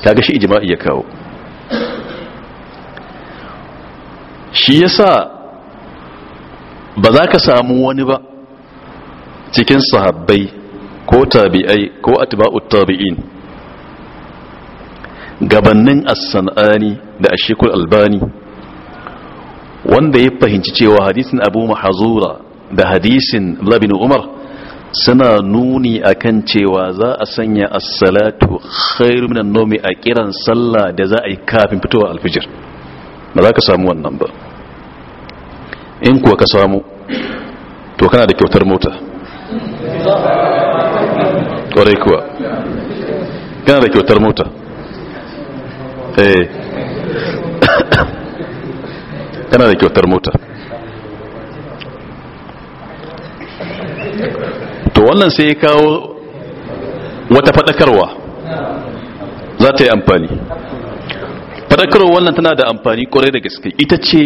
kaga shi ijma'i ya kawo shi yasa ba za ka samu wani ba cikin sahabbai ko tabi'ai ko atba'ut tabi'in gabannin as-sanani da ashikul albani wanda ya fahimci cewa hadisin abu mahazura da hadisin labin umar suna nuni akan cewa za a sanya as-salatu khairu minan nomi a kiran sallah da za a yi kafin fitowa alfijir ba za ka samu wannan ba in kuwa ka samu to kana da kyautar mota kwarai kuwa kana da kyautar mota eh kana da kyautar mota to wannan sai ya kawo wata fadakarwa za ta yi amfani fadakarwa wannan tana da amfani kwarai da gaske ita ce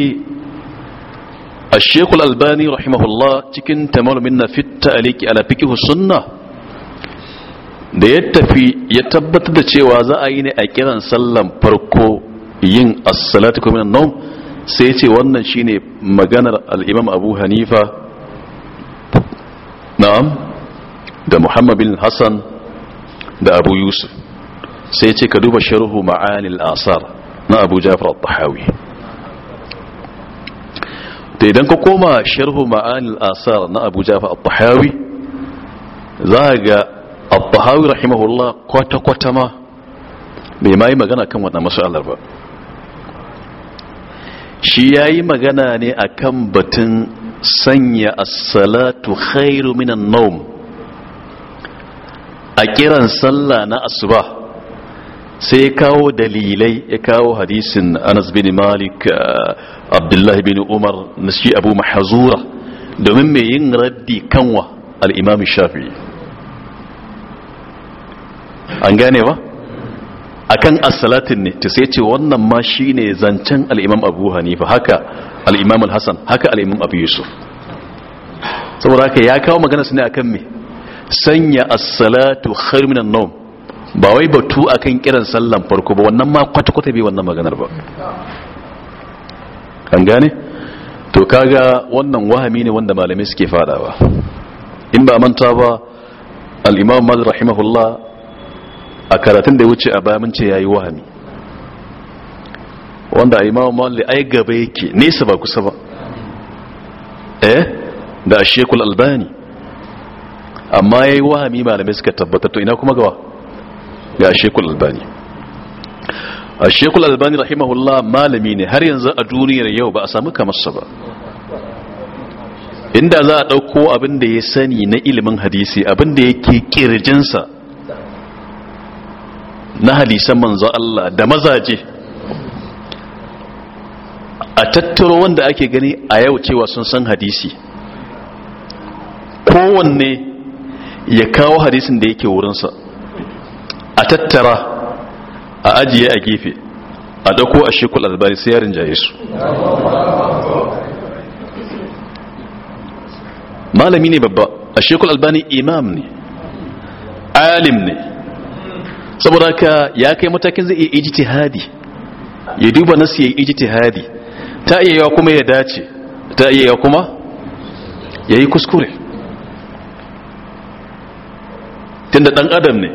a shekul albani rahimahullah cikin tamarumin na fit ta'aliki ala fikihu sunna da ya tafi ya tabbatar da cewa za a yi ne a kiran sallan farko yin asalatu kuma nan sai ya ce wannan shine maganar al-Imam Abu Hanifa na'am da Muhammad bin Hassan da Abu Yusuf sai ya ce ka duba sharhu ma'anil asar na Abu Ja'far al-Tahawi da idan ka koma sharhu ma'anil asar na Abu Ja'far al-Tahawi za ga abu rahimahullah kwata-kwata ma bai ma yi magana kan waɗanda matsalar ba shi ya yi magana ne a kan batun sanya assalatu khairu minan naum a kiran sallah na asuba sai ya kawo dalilai ya kawo hadisin anas bin malik eh, abdullahi bin umar na abu mahazura domin mai yin raddi kanwa Alimami shafi'i an gane ba akan as-salatin ne to sai ce wannan ma shine zancen al-imam Abu Hanifa haka al-imam al-Hasan haka al-imam Abu Yusuf saboda haka ya kawo magana su ne akan me sanya as-salatu khair min an-nawm ba wai batu akan kiran sallan farko ba wannan ma kwata-kwata bai wannan maganar ba an gane to kaga wannan wahami ne wanda malamai suke fadawa in ba manta ba al-imam Malik rahimahullah a karatun da ya wuce a bayan ce yi wahami wanda imamu malik ai gaba yake nesa ba kusa ba eh da a shekul albani amma ya yi wahami malamai suka tabbata to ina kuma gawa ga shekul albani a shekul albani rahimahullah malami ne har yanzu a duniyar yau ba a samu kamarsa ba inda za a ɗauko abin da ya sani na ilimin hadisi abin da yake ƙirjinsa. na hadisan manzo Allah da mazaje a tattaro wanda ake gani a yau cewa sun san hadisi kowanne ya kawo hadisin da yake wurinsa a tattara a ajiye a gefe a dako a shekul albari sai yarin jaye su malami ne babba a shekul albani imam ne alim ne saboda ka ya kai matakin zai iya ijtihadi ya duba nasu ya ijtihadi ta iya yawa kuma ya dace ta iya yawa kuma ya yi kuskure tunda dan adam ne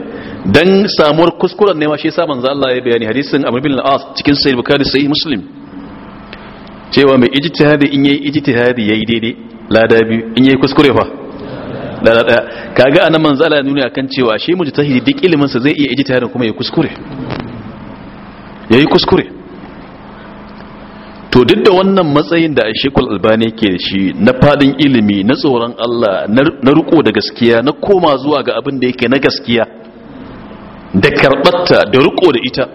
dan samuwar kuskuren ne ma shi yasa za Allah ya bayani hadisin Amr bin al cikin Sahih Bukhari sai Muslim cewa mai ijtihadi in yayi ijtihadi yayi daidai lada bi in yayi kuskure fa dada daya kaga anan manzala Allah a kan cewa shi mujtahidi duk ilimin sa zai iya ijtihadin kuma ya kuskure yayi kuskure to duk da wannan matsayin da Sheikhul Albani ke da shi na fadin ilimi na tsoron Allah na ruko da gaskiya na koma zuwa ga abin da yake na gaskiya da karbatta da riko da ita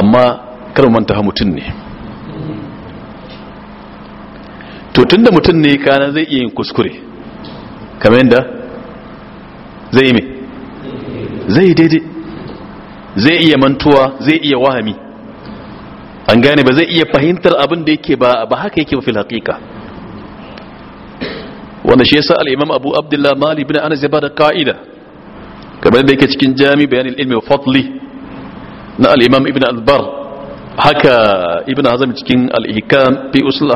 amma kar manta mutum ne to tunda mutum ne kana zai iya yin kuskure kamar yadda zai yi mai zai daidai zai iya mantuwa zai iya wahami an gane ba zai iya fahimtar abin da yake ba ba haka yake ba fil haƙiƙa. wanda shi yasa alimam imam Abu Abdullah Mali bin Anas ya bada ka'ida kamar da yake cikin Jami Bayan al-Ilmi Fadli na al Ibn al-Bar haka Ibn Hazm cikin al fi Usul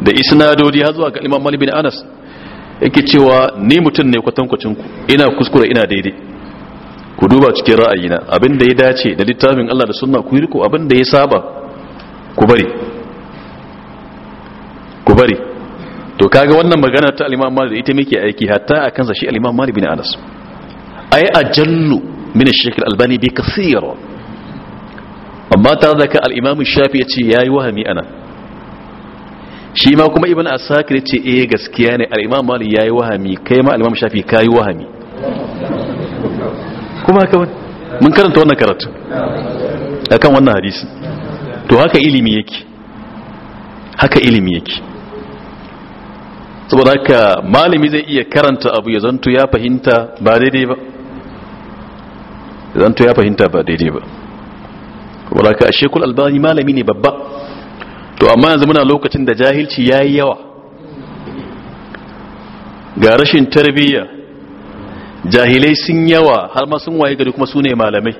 da isnadodi har zuwa ga Imam Malik bin Anas yake cewa ni mutum ne kwatankwacin ku ina kuskure ina daidai ku duba cikin ra'ayina abin da ya dace da littafin Allah da sunna ku yi riko abin da ya saba ku bari ku bari to kaga wannan magana ta imam Malik da ita muke aiki hatta a kansa shi imam Malik bin Anas ay ajallu min ash-Shaykh al-Albani bi kaseera amma ta zaka al-Imam Shafi yace yayi wahami ana shi ma kuma ibn asakir ce eh gaskiya ne al-imam malik yayi wahami kai ma al-imam shafi kai wahami kuma haka mun karanta wannan karatu akan wannan hadisi to haka ilimi yake haka ilimi yake saboda haka malami zai iya karanta abu ya zanto ya fahimta ba daidai ba zanto ya fahimta ba daidai ba saboda haka shekul albani malami ne babba to amma yanzu muna lokacin da jahilci ya yi yawa ga rashin tarbiyya jahilai sun yawa har ma sun waye gari kuma su ne malamai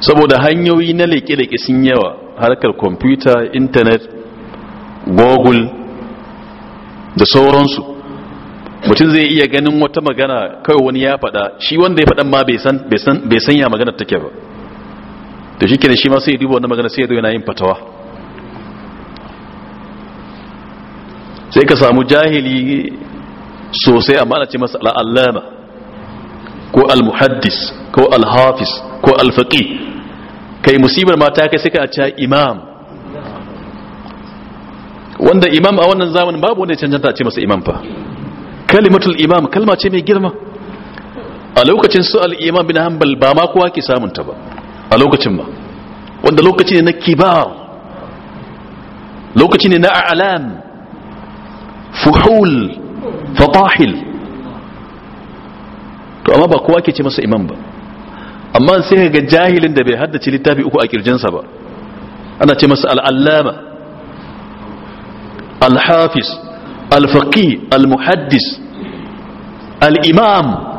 saboda hanyoyi na leƙe-leƙe sun yawa harkar kwamfuta intanet google da sauransu mutum zai iya ganin wata magana kawai wani ya faɗa shi wanda ya faɗan ma bai san ya take ba to shi kenan shi ma sai duba wannan magana sai ya yana yin fatawa sai ka samu jahili sosai amma ana ce masa al'allama ko al-muhaddis ko al-hafiz ko al-faqih kai musibar mata kai sai ka ce imam wanda imam a wannan zamanin babu wanda ya cancanta a ce masa imam fa kalimatul imam kalma ce mai girma a lokacin su al-imam bin hanbal ba ma kowa ke samunta ba a lokacin ba wanda lokaci ne na kibar lokaci ne na a'lam fuhul fatahil to amma ba kowa ke ce masa imam ba amma sai ga jahilin da bai haddace littafi uku a kirjinsa ba ana ce masa al'allama al-hafiz al-faqi al-muhaddis al-imam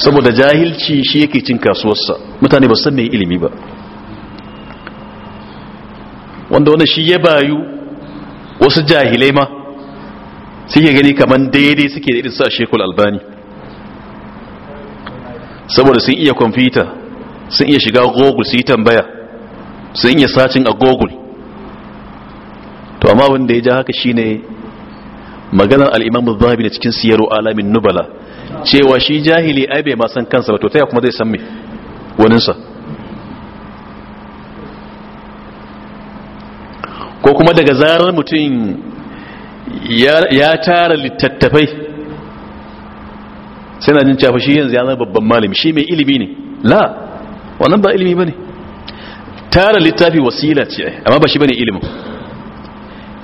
saboda jahilci shi yake cin kasuwarsa mutane ba san mai ilimi ba wanda wanda shi ya bayu wasu jahilai ma ke gani kamar daidai suke da irin sa shekul albani saboda sun iya kwamfuta sun iya shiga google su yi tambaya sun iya sacin a google to amma wanda ya ja haka shine maganar al'imamu zabi da cikin siyarwa alamin nubala cewa shi jahili ai bai ma kansa ba to taya kuma zai san me waninsa ko kuma daga zarar mutum ya tara littattafai sai na jin cewa shi yanzu ya zama babban malami shi mai ilimi ne la wannan ba ilimi ba ne? tara littafi wasila ce amma ba shi ne ilimin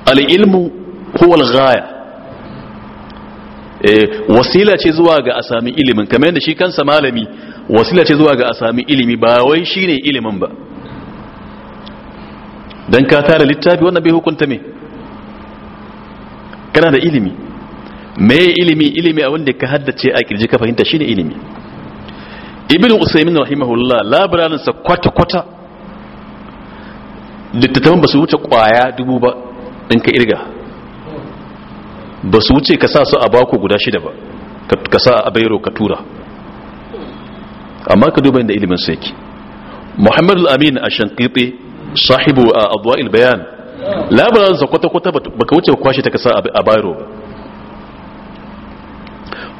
al-ilmu huwa al Eh, wasila ce zuwa ga a sami ilimin kamar yadda shi kansa malami wasila ce zuwa ga a sami ilimi ba wai shi ne ilimin ba don ka tara littafi wannan bai hukunta me kana da ilimi me ilimi ilimi a wanda ka haddace a kirji ka fahimta shi ne ilimi ibn usaimin rahimahullah labaransa kwata-kwata littattafan ba su wuce kwaya dubu ba in ka irga ba su wuce ka sa su a bako guda shida ba ka sa a bayro ka tura amma ka duba inda ilimin su yake muhammadu amin a shankiti sahibu a abuwa'il bayan labarin sa kwata-kwata ba ka wuce kwashe ta ka sa a bayro ba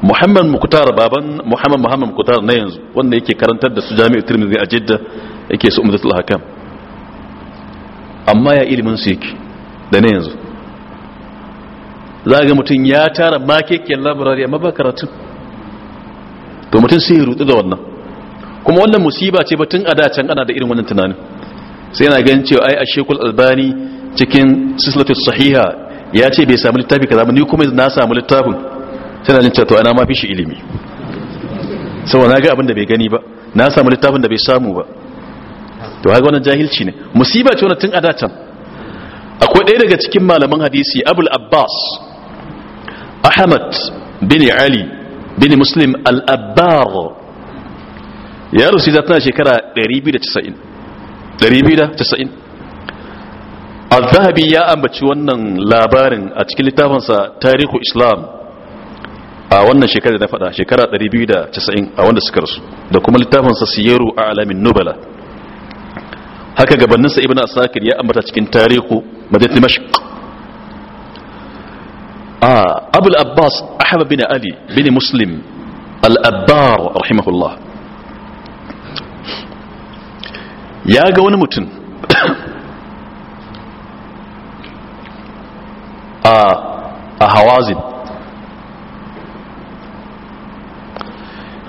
muhammad mukutar baban muhammad muhammad mukutar na yanzu wanda yake karantar da su jami'ar tirmidhi a jidda yake su umdatul hakam amma ya ilimin su yake da na yanzu za ga mutum ya tara makekken labarari a mabakaratun to mutum sai ya rutu da wannan kuma wannan musiba ce batun a dacen ana da irin wannan tunanin sai yana gani cewa ai a shekul albani cikin sislatus sahiha ya ce bai samu littafi kaza ba ni kuma na samu littafin sai na jinta to ana ma fi shi ilimi Sau na ga abin da bai gani ba na samu littafin da bai samu ba to haka wannan jahilci ne musiba ce wannan tun a dacen akwai ɗaya daga cikin malaman hadisi abul abbas ahmad bin ali bin muslim al-abbar ya rusu ta tana shekara 290 al-zahabi ya ambaci wannan labarin a cikin littafinsa tarihu islam a wannan shekara da na faɗa shekara 290 a wanda suka rasu da kuma littafinsa siyaru a alamin nubala haka gabaninsa ibn asakir ya ambata cikin tarihu Ah, abul abbas ahmad bin ali bin muslim al-abbar rahimahullah ya ga wani mutum a hawazin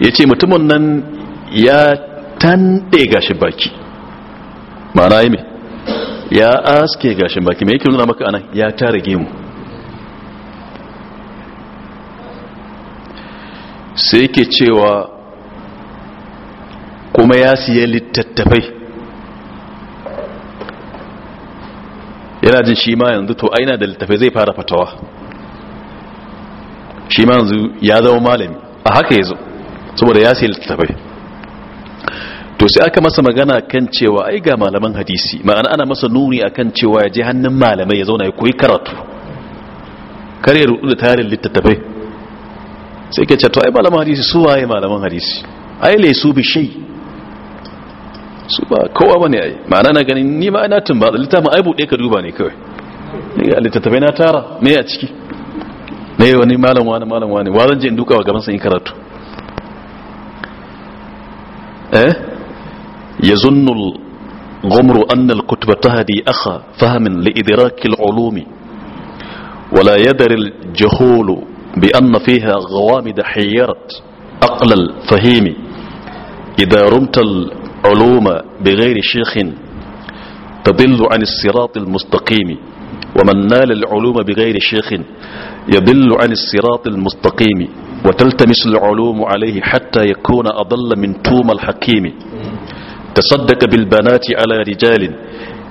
ya ce mutumin nan ya tanɗe gashin baki ma'ana yi mai ya aske gashin baki mai yake nuna maka anan ya tara gemu sai yake cewa kuma ya siya littattafai yana jin shi ma yanzu to aina da littattafai zai fara fatawa shi ma yanzu ya zama malami a haka ya zo saboda ya siya littattafai to sai aka masa magana kan cewa ai ga malaman hadisi ma'ana ana masa nuni akan cewa ya je hannun malamai ya zauna ya koyi karatu kar ya rudu da tarin littattafai sai ke ce to ai malaman hadisi su waye malaman hadisi ai lai su bi shay su ba kowa ba ne ai ma'ana na ganin ni ma ina tumba littafin ai bude ka duba ne kawai ni ga littattafai na tara me a ciki Na ne wani malam wani malam wani wa zan je in duka wa gaban sa in karatu eh yazunnu al-ghumru anna al-kutba tahdi akha fahmin li idrak al-ulumi ولا يدر الجهول بأن فيها غوامد حيرت أقل الفهيم إذا رمت العلوم بغير شيخ تضل عن الصراط المستقيم ومن نال العلوم بغير شيخ يضل عن الصراط المستقيم وتلتمس العلوم عليه حتى يكون أضل من توم الحكيم تصدق بالبنات على رجال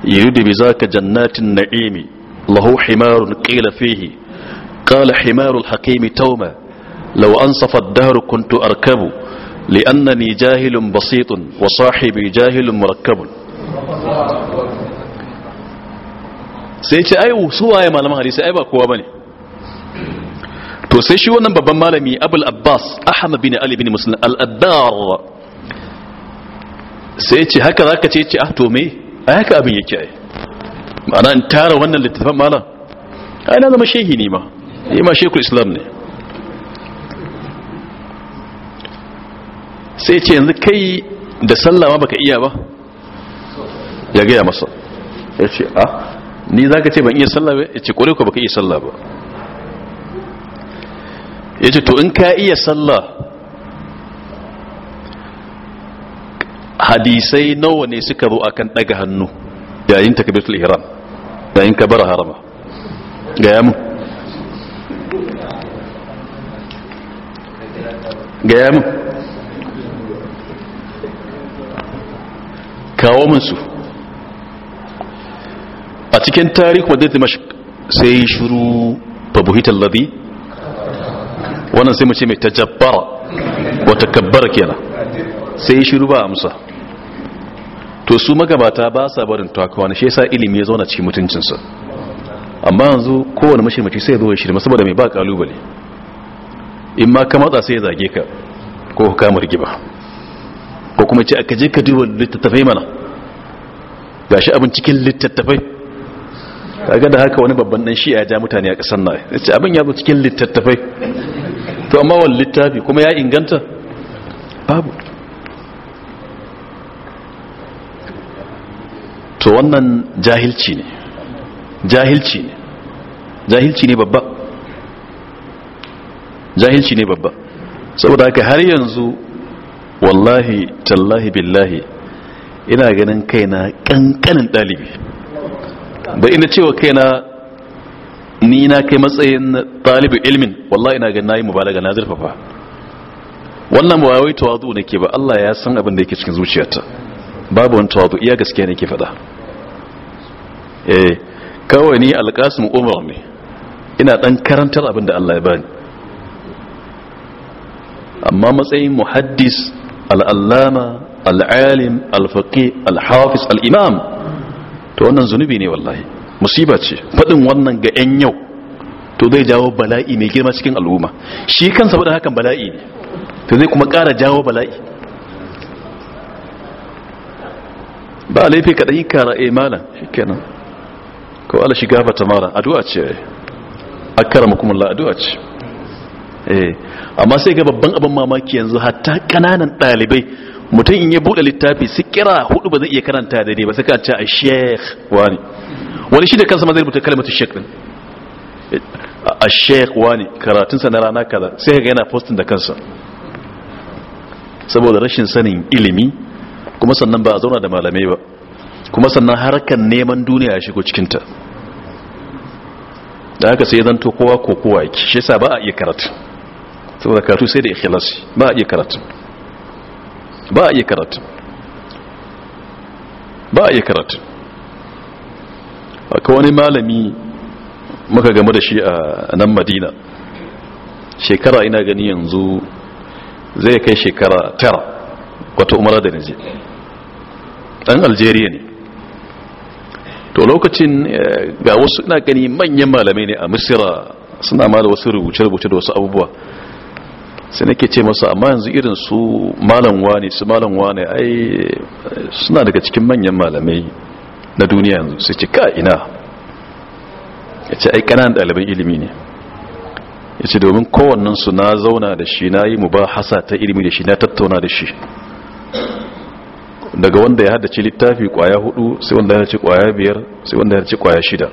يريد بذاك جنات النعيم له حمار قيل فيه قال حمار الحكيم توما لو أنصف الدهر كنت أركب لأنني جاهل بسيط وصاحبي جاهل مركب سيتي أيو سوى آية يا مالما هريسي أي كوابني تو سيشي ونن بابا مالمي أبو الأباس أحمد بن علي بن مسلم الأدار سيتي هكا تي تيتي أهتو مي هكا أبي يكي أنا انتارو هنن لتفهم مالا أنا لما شيهي yi ma shekul islam ne sai ce yanzu kai da sallama baka iya ba ya gaya masa ya ce a ah, ni za ka ce ban iya sallah ba ya ce kore ka baka iya sallah ba ya ce to in ka iya sallah hadisai nawa ne suka zo akan daga hannu yayin takbiratul ihram yayin kabara harama ga yamu gaya min kawo mun su a cikin tarihi wadda mashi sai shuru babuhitar ladi wannan sai mace mai tajabbara wata kabbara kenan sai shuru ba amsa to su magabata ba sa barin takawa ne shi yasa ilimi ya zauna cikin mutuncinsu. amma yanzu kowane mashirmaci sai zo ya shirma saboda mai ba kalubale in ma ka matsa sai ya zage ka ko kamar giba ko kuma ce aka je ka duba littattafai mana shi abin cikin littattafai ga da haka wani babban dan shi ya ja mutane a kasar nan ce abin ya zo cikin littattafai to amma wani littafi kuma ya inganta babu to wannan jahilci ne jahilci ne jahilci ne babba jahilci ne babba saboda haka har yanzu wallahi tallahi billahi ina ganin kaina kankanin dalibi ba ina cewa kaina ni na kai matsayin dalibi ilmin wallahi ina ganin nayi mubalaga na zurfafa wannan wayoyi wai tawadu nake ba Allah ya san abin da yake cikin zuciyarta babu wani tawadu iya gaskiya nake faɗa eh kawai ni alƙasim umar ne ina ɗan karantar abin da Allah ya bani amma matsayin muhaddis al'allama al'alim alfaƙi alhafis al'imam to wannan zunubi ne wallahi musiba ce faɗin wannan ga 'yan yau to zai jawo bala'i mai girma cikin al'umma shi kansa da hakan bala'i ne to zai kuma ƙara jawo bala'i ba laifi kaɗai kara a eh, malam shi kenan ko ala shiga ta mara addu'a ce a karamakumullah addu'a ce eh, amma sai ga babban abin mamaki yanzu hatta kananan ɗalibai mutum in ya buɗe littafi su kira hudu ba zai iya karanta da daidai ba saka ce a sheikh wani wani shi da kansa ma zai rubuta kalmatu sheikh din eh, a sheikh wani karatun sa na rana kaza sai ga yana postin da kansa saboda rashin sanin ilimi kuma sannan ba a zauna da malamai ba kuma sannan harkar neman duniya ya shigo cikinta da aka sai zanto kowa ko kowa yake shi yasa ba a iya karatu saboda karatu sai da ikhlasi ba a iya karatu ba a iya karatu ba a iya karatu akwai wani malami muka game da shi a nan madina shekara ina gani yanzu zai kai shekara tara wata umara da naje dan algeria ne lokacin eh, ga wasu ina gani manyan malamai ne a misira suna ma da wasu rubuce-rubuce da wasu abubuwa sai nake ce masu amma yanzu irin su malamwa ne su malamwa ne ai suna daga cikin manyan malamai na duniya yanzu sai ce ka ya ce ai kanan ɗaliban ilimi ne ya ce domin kowannensu na zauna da shi na yi mu ba hasa ta ilimi da shi na tattauna da shi daga wanda ya haddace littafi kwaya hudu sai wanda ya ci kwaya biyar sai wanda ya ci kwaya shida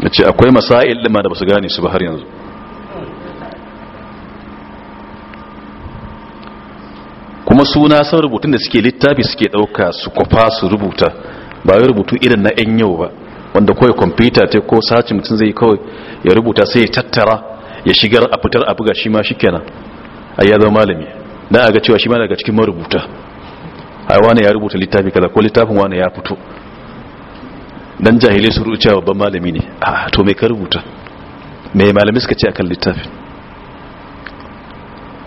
na ce akwai masa'il lima da ba gane su ba har yanzu kuma suna san rubutun da suke littafi suke dauka su kwafa su rubuta ba yi rubutu irin na 'yan yau ba wanda kawai kwamfuta ta ko sace mutum zai kawai ya rubuta sai ya tattara ya shigar a fitar a buga shi ma shi kenan a ya zama malami dan ga cewa shi ma daga cikin marubuta ai wani ya rubuta littafi kaza ko littafin wani ya fito dan jahilai su rubuta babban malami ne a to me ka rubuta me malami suka ce akan littafin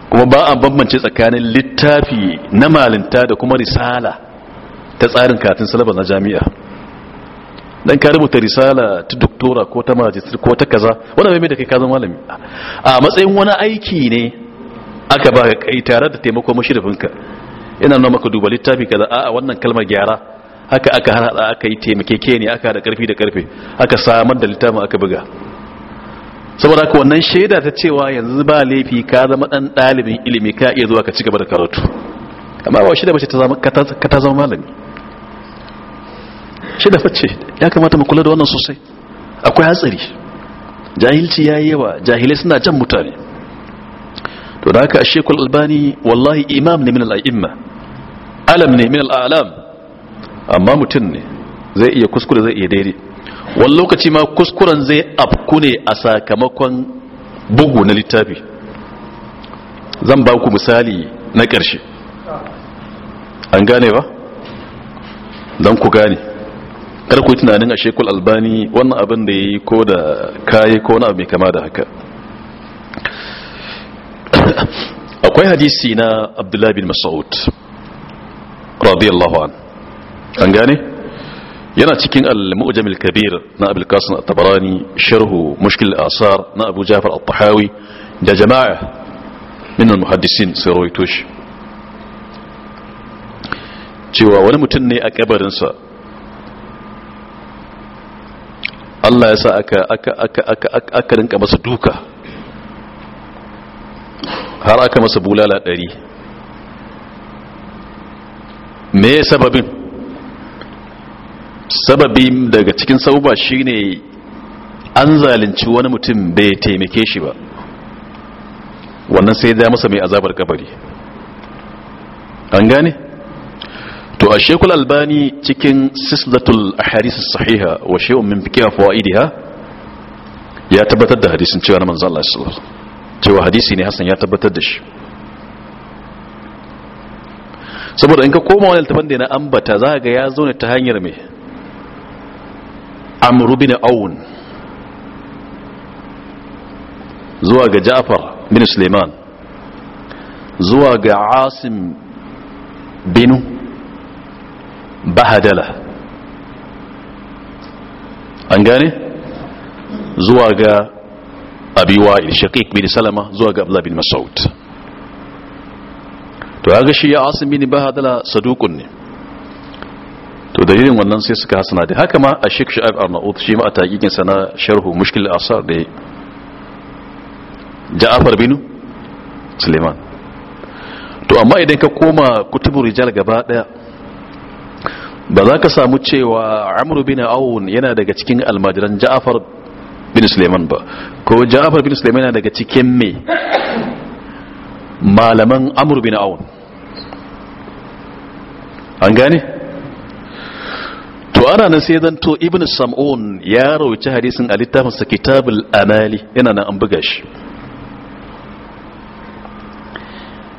kuma ba an bambance tsakanin littafi na malinta da kuma risala ta tsarin katin salaba na jami'a dan ka rubuta risala ta doktora ko ta majistir ko ta kaza wannan mai da kai ka zama malami a matsayin wani aiki ne aka ba ka kai tare da taimako mashirifinka ina nuna maka duba littafi kaza a wannan kalmar gyara haka aka hada aka yi taimakeke ne aka da karfi da karfe aka samar da littafin aka buga saboda haka wannan shaida ta cewa yanzu ba laifi ka zama dan dalibin ilimi ka iya zuwa ka cigaba da karatu amma ba shi da bace ta zama ka ta zama malami shi da bace ya kamata mu kula da wannan sosai akwai hatsari jahilci yayi yawa jahilai suna jan mutane to da haka ashekul albani wallahi imam ne min al'imma alam ne min al'alam amma mutum ne zai iya kuskure zai iya daidai wani lokaci ma kuskuren zai afku ne a sakamakon bugu na littafi zan ba ku misali na ƙarshe an gane ba don ku gane yi tunanin a shekul albani wannan abin da ya yi ko da kayi ko na abu mai kama da haka akwai hadisi na abdullahi bin mas'ud radiyallahu an an gane yana cikin al-mu'jam al-kabir na abul qasim at-tabarani sharhu mushkil al-asar na abu jafar at-tahawi da jama'a min al-muhaddisin sai rawaito shi cewa wani mutum ne a kabarinsa Allah ya sa aka aka aka aka aka rinka masa duka har aka masa bulala ɗari me sababin sababi daga cikin sauba shine an zalunci wani mutum bai taimake shi ba wannan sai ya masa mai azabar kabari an gane to a shekul albani cikin sislatul ahadis sahiha wa shay'un min fiqh fawaidiha ya tabbatar da hadisin cewa na manzan Allah sallallahu alaihi wasallam cewa hadisi ne hassan ya tabbatar da shi saboda in ka koma wani altafan da na ambata za ga ya zo ne ta hanyar mai amru bin awun zuwa ga jafar bin suleiman zuwa ga asim binu bahadala an gane zuwa ga abi wa'il shaqiq bin salama zuwa ga abdullah bin mas'ud to ya ga shi ya asim bin bahadala saduqun ne to dalilin wannan sai suka hasana da haka ma a shek sha'ib arnaud shi ma a taqiqin sa na sharhu mushkil asar da ja'far bin suleiman to amma idan ka koma kutubur rijal gaba daya ba za ka samu cewa amru bin aun yana daga cikin almajiran ja'far bin suleiman ba ko ja'afar bin suleiman yana daga cikin me malaman amur bin awon an gane to ana nan sai zan to ibn sam'un ya rawaci hadisin a littafinsa kitabul amali yana nan an buga shi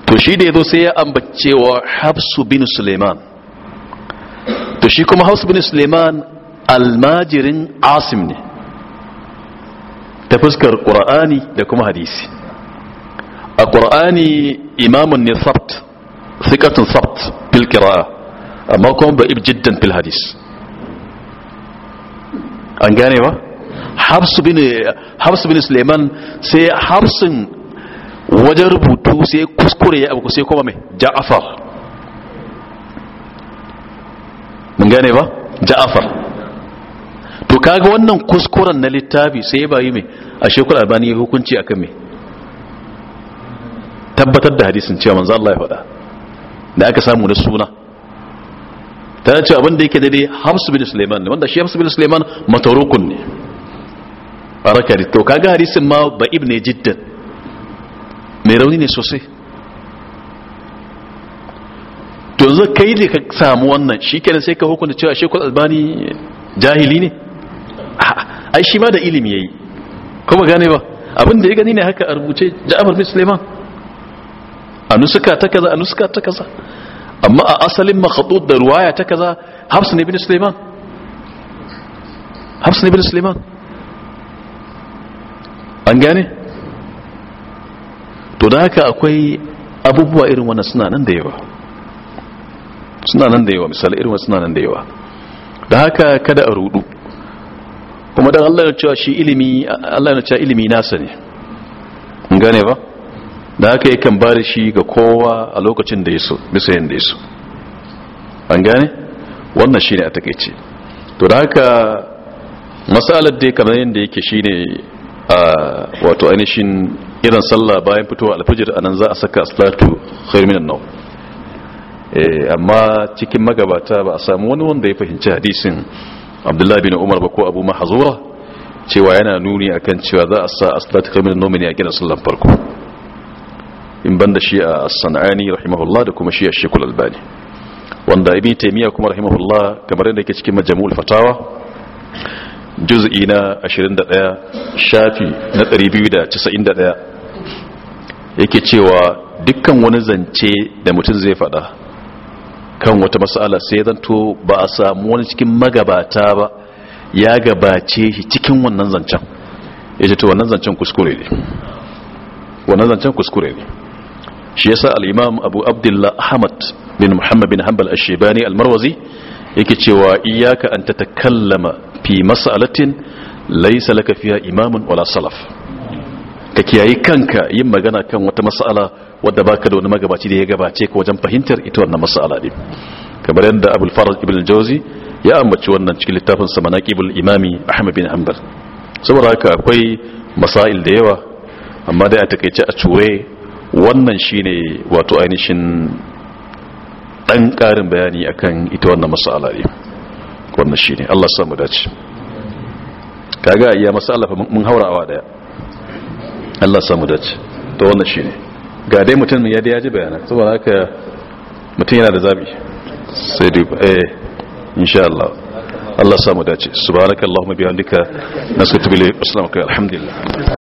to shi da ya zo sai ya ambacewa hafsu bin suleiman to shi kuma hafsu bin suleiman almajirin asim ne ta fuskar qur'ani da kuma hadisi a qur'ani imamun ne sabt sikatun sabt fil qira'a amma kuma ba jiddan fil hadis an gane ba hafsu bin hafsu bin suleiman sai hafsin wajen rubutu sai kuskure ya abu sai kuma mai ja'afar mun gane ba ja'afar to kaga wannan kuskuren na littafi sai ya yi mai a shekul albani ya hukunci akan kame tabbatar da hadisun cewa manzan Allah ya faɗa da aka samu da suna ta ce abin da yake daidai hamsu bin suleiman ne wanda shi hamsu bin suleiman matarukun ne a rakari to kaga hadisun ma ba ne jiddan mai rauni ne sosai to zai kai ne ka samu wannan shi kenan sai ka hukunta cewa shekul albani jahili ne ai shi ma da ilimi yayi kuma gane ba abin da ya gani ne haka a rubuce ja'afar bin suleiman a nusuka ta kaza a nusuka ta kaza amma a asalin makhatut da ruwaya ta kaza hafs ne bin suleiman hafs ne bin suleiman an gane to da haka akwai abubuwa irin wannan suna nan da yawa suna nan da yawa misali irin wannan suna nan da yawa da haka kada a rudu kuma dan Allah ya cewa shi ilimi Allah ya cewa ilimi nasa ne gane ba da haka yakan ba da shi ga kowa a lokacin da yaso bisa yanda yaso an gane wannan shine a takeice to da haka masalar da kamar yanda yake shine a wato ainihin irin sallah bayan fitowa alfajir anan za a saka salatu khair minan nawm eh, amma cikin magabata ba a samu wani wanda ya fahimci hadisin abdullahi bin umar ba ko abu mahazura cewa yana nuni akan cewa za a sa asalatu kamar nomini a gina sallan farko in banda shi a sana'ani rahimahullah da kuma shi a shekul albani wanda ibi taimiyya kuma rahimahullah kamar yadda ke cikin majamul fatawa juz'i na 21 shafi na 291 yake cewa dukkan wani zance da mutum zai fada kan wata mas'ala sai zanto ba a samu wani cikin magabata ba ya gabace shi cikin wannan zancen ya ce to wannan zancen kuskure ne wannan zancen kuskure ne shi yasa al-imam abu abdullah ahmad bin muhammad bin hanbal ash-shibani al-marwazi yake cewa iyyaka an tatakallama fi mas'alatin laysa laka fiha imamun wala salaf ka kiyaye kanka yin magana kan wata mas'ala wadda baka da wani magabaci da ya gabace ko wajen fahimtar ita wannan mas'ala din kamar yadda Abul Faraj ibn Jawzi ya ambaci wannan cikin littafin sa Manaqibul Imami Ahmad bin Hanbal saboda haka akwai masail da yawa amma dai a takeice a ture wannan shine wato ainihin dan karin bayani akan ita wannan mas'ala din wannan shine Allah ya samu dace kaga iya mas'ala fa mun haurawa daya Allah samu dace to wannan shine ga dai mutum ya da yaji bayana saboda haka mutum yana da zabi sai dai eh insha Allah Allah samu dace subhanakallahumma bihamdika nastaghfiruka wa nastaghfiruka alhamdulillah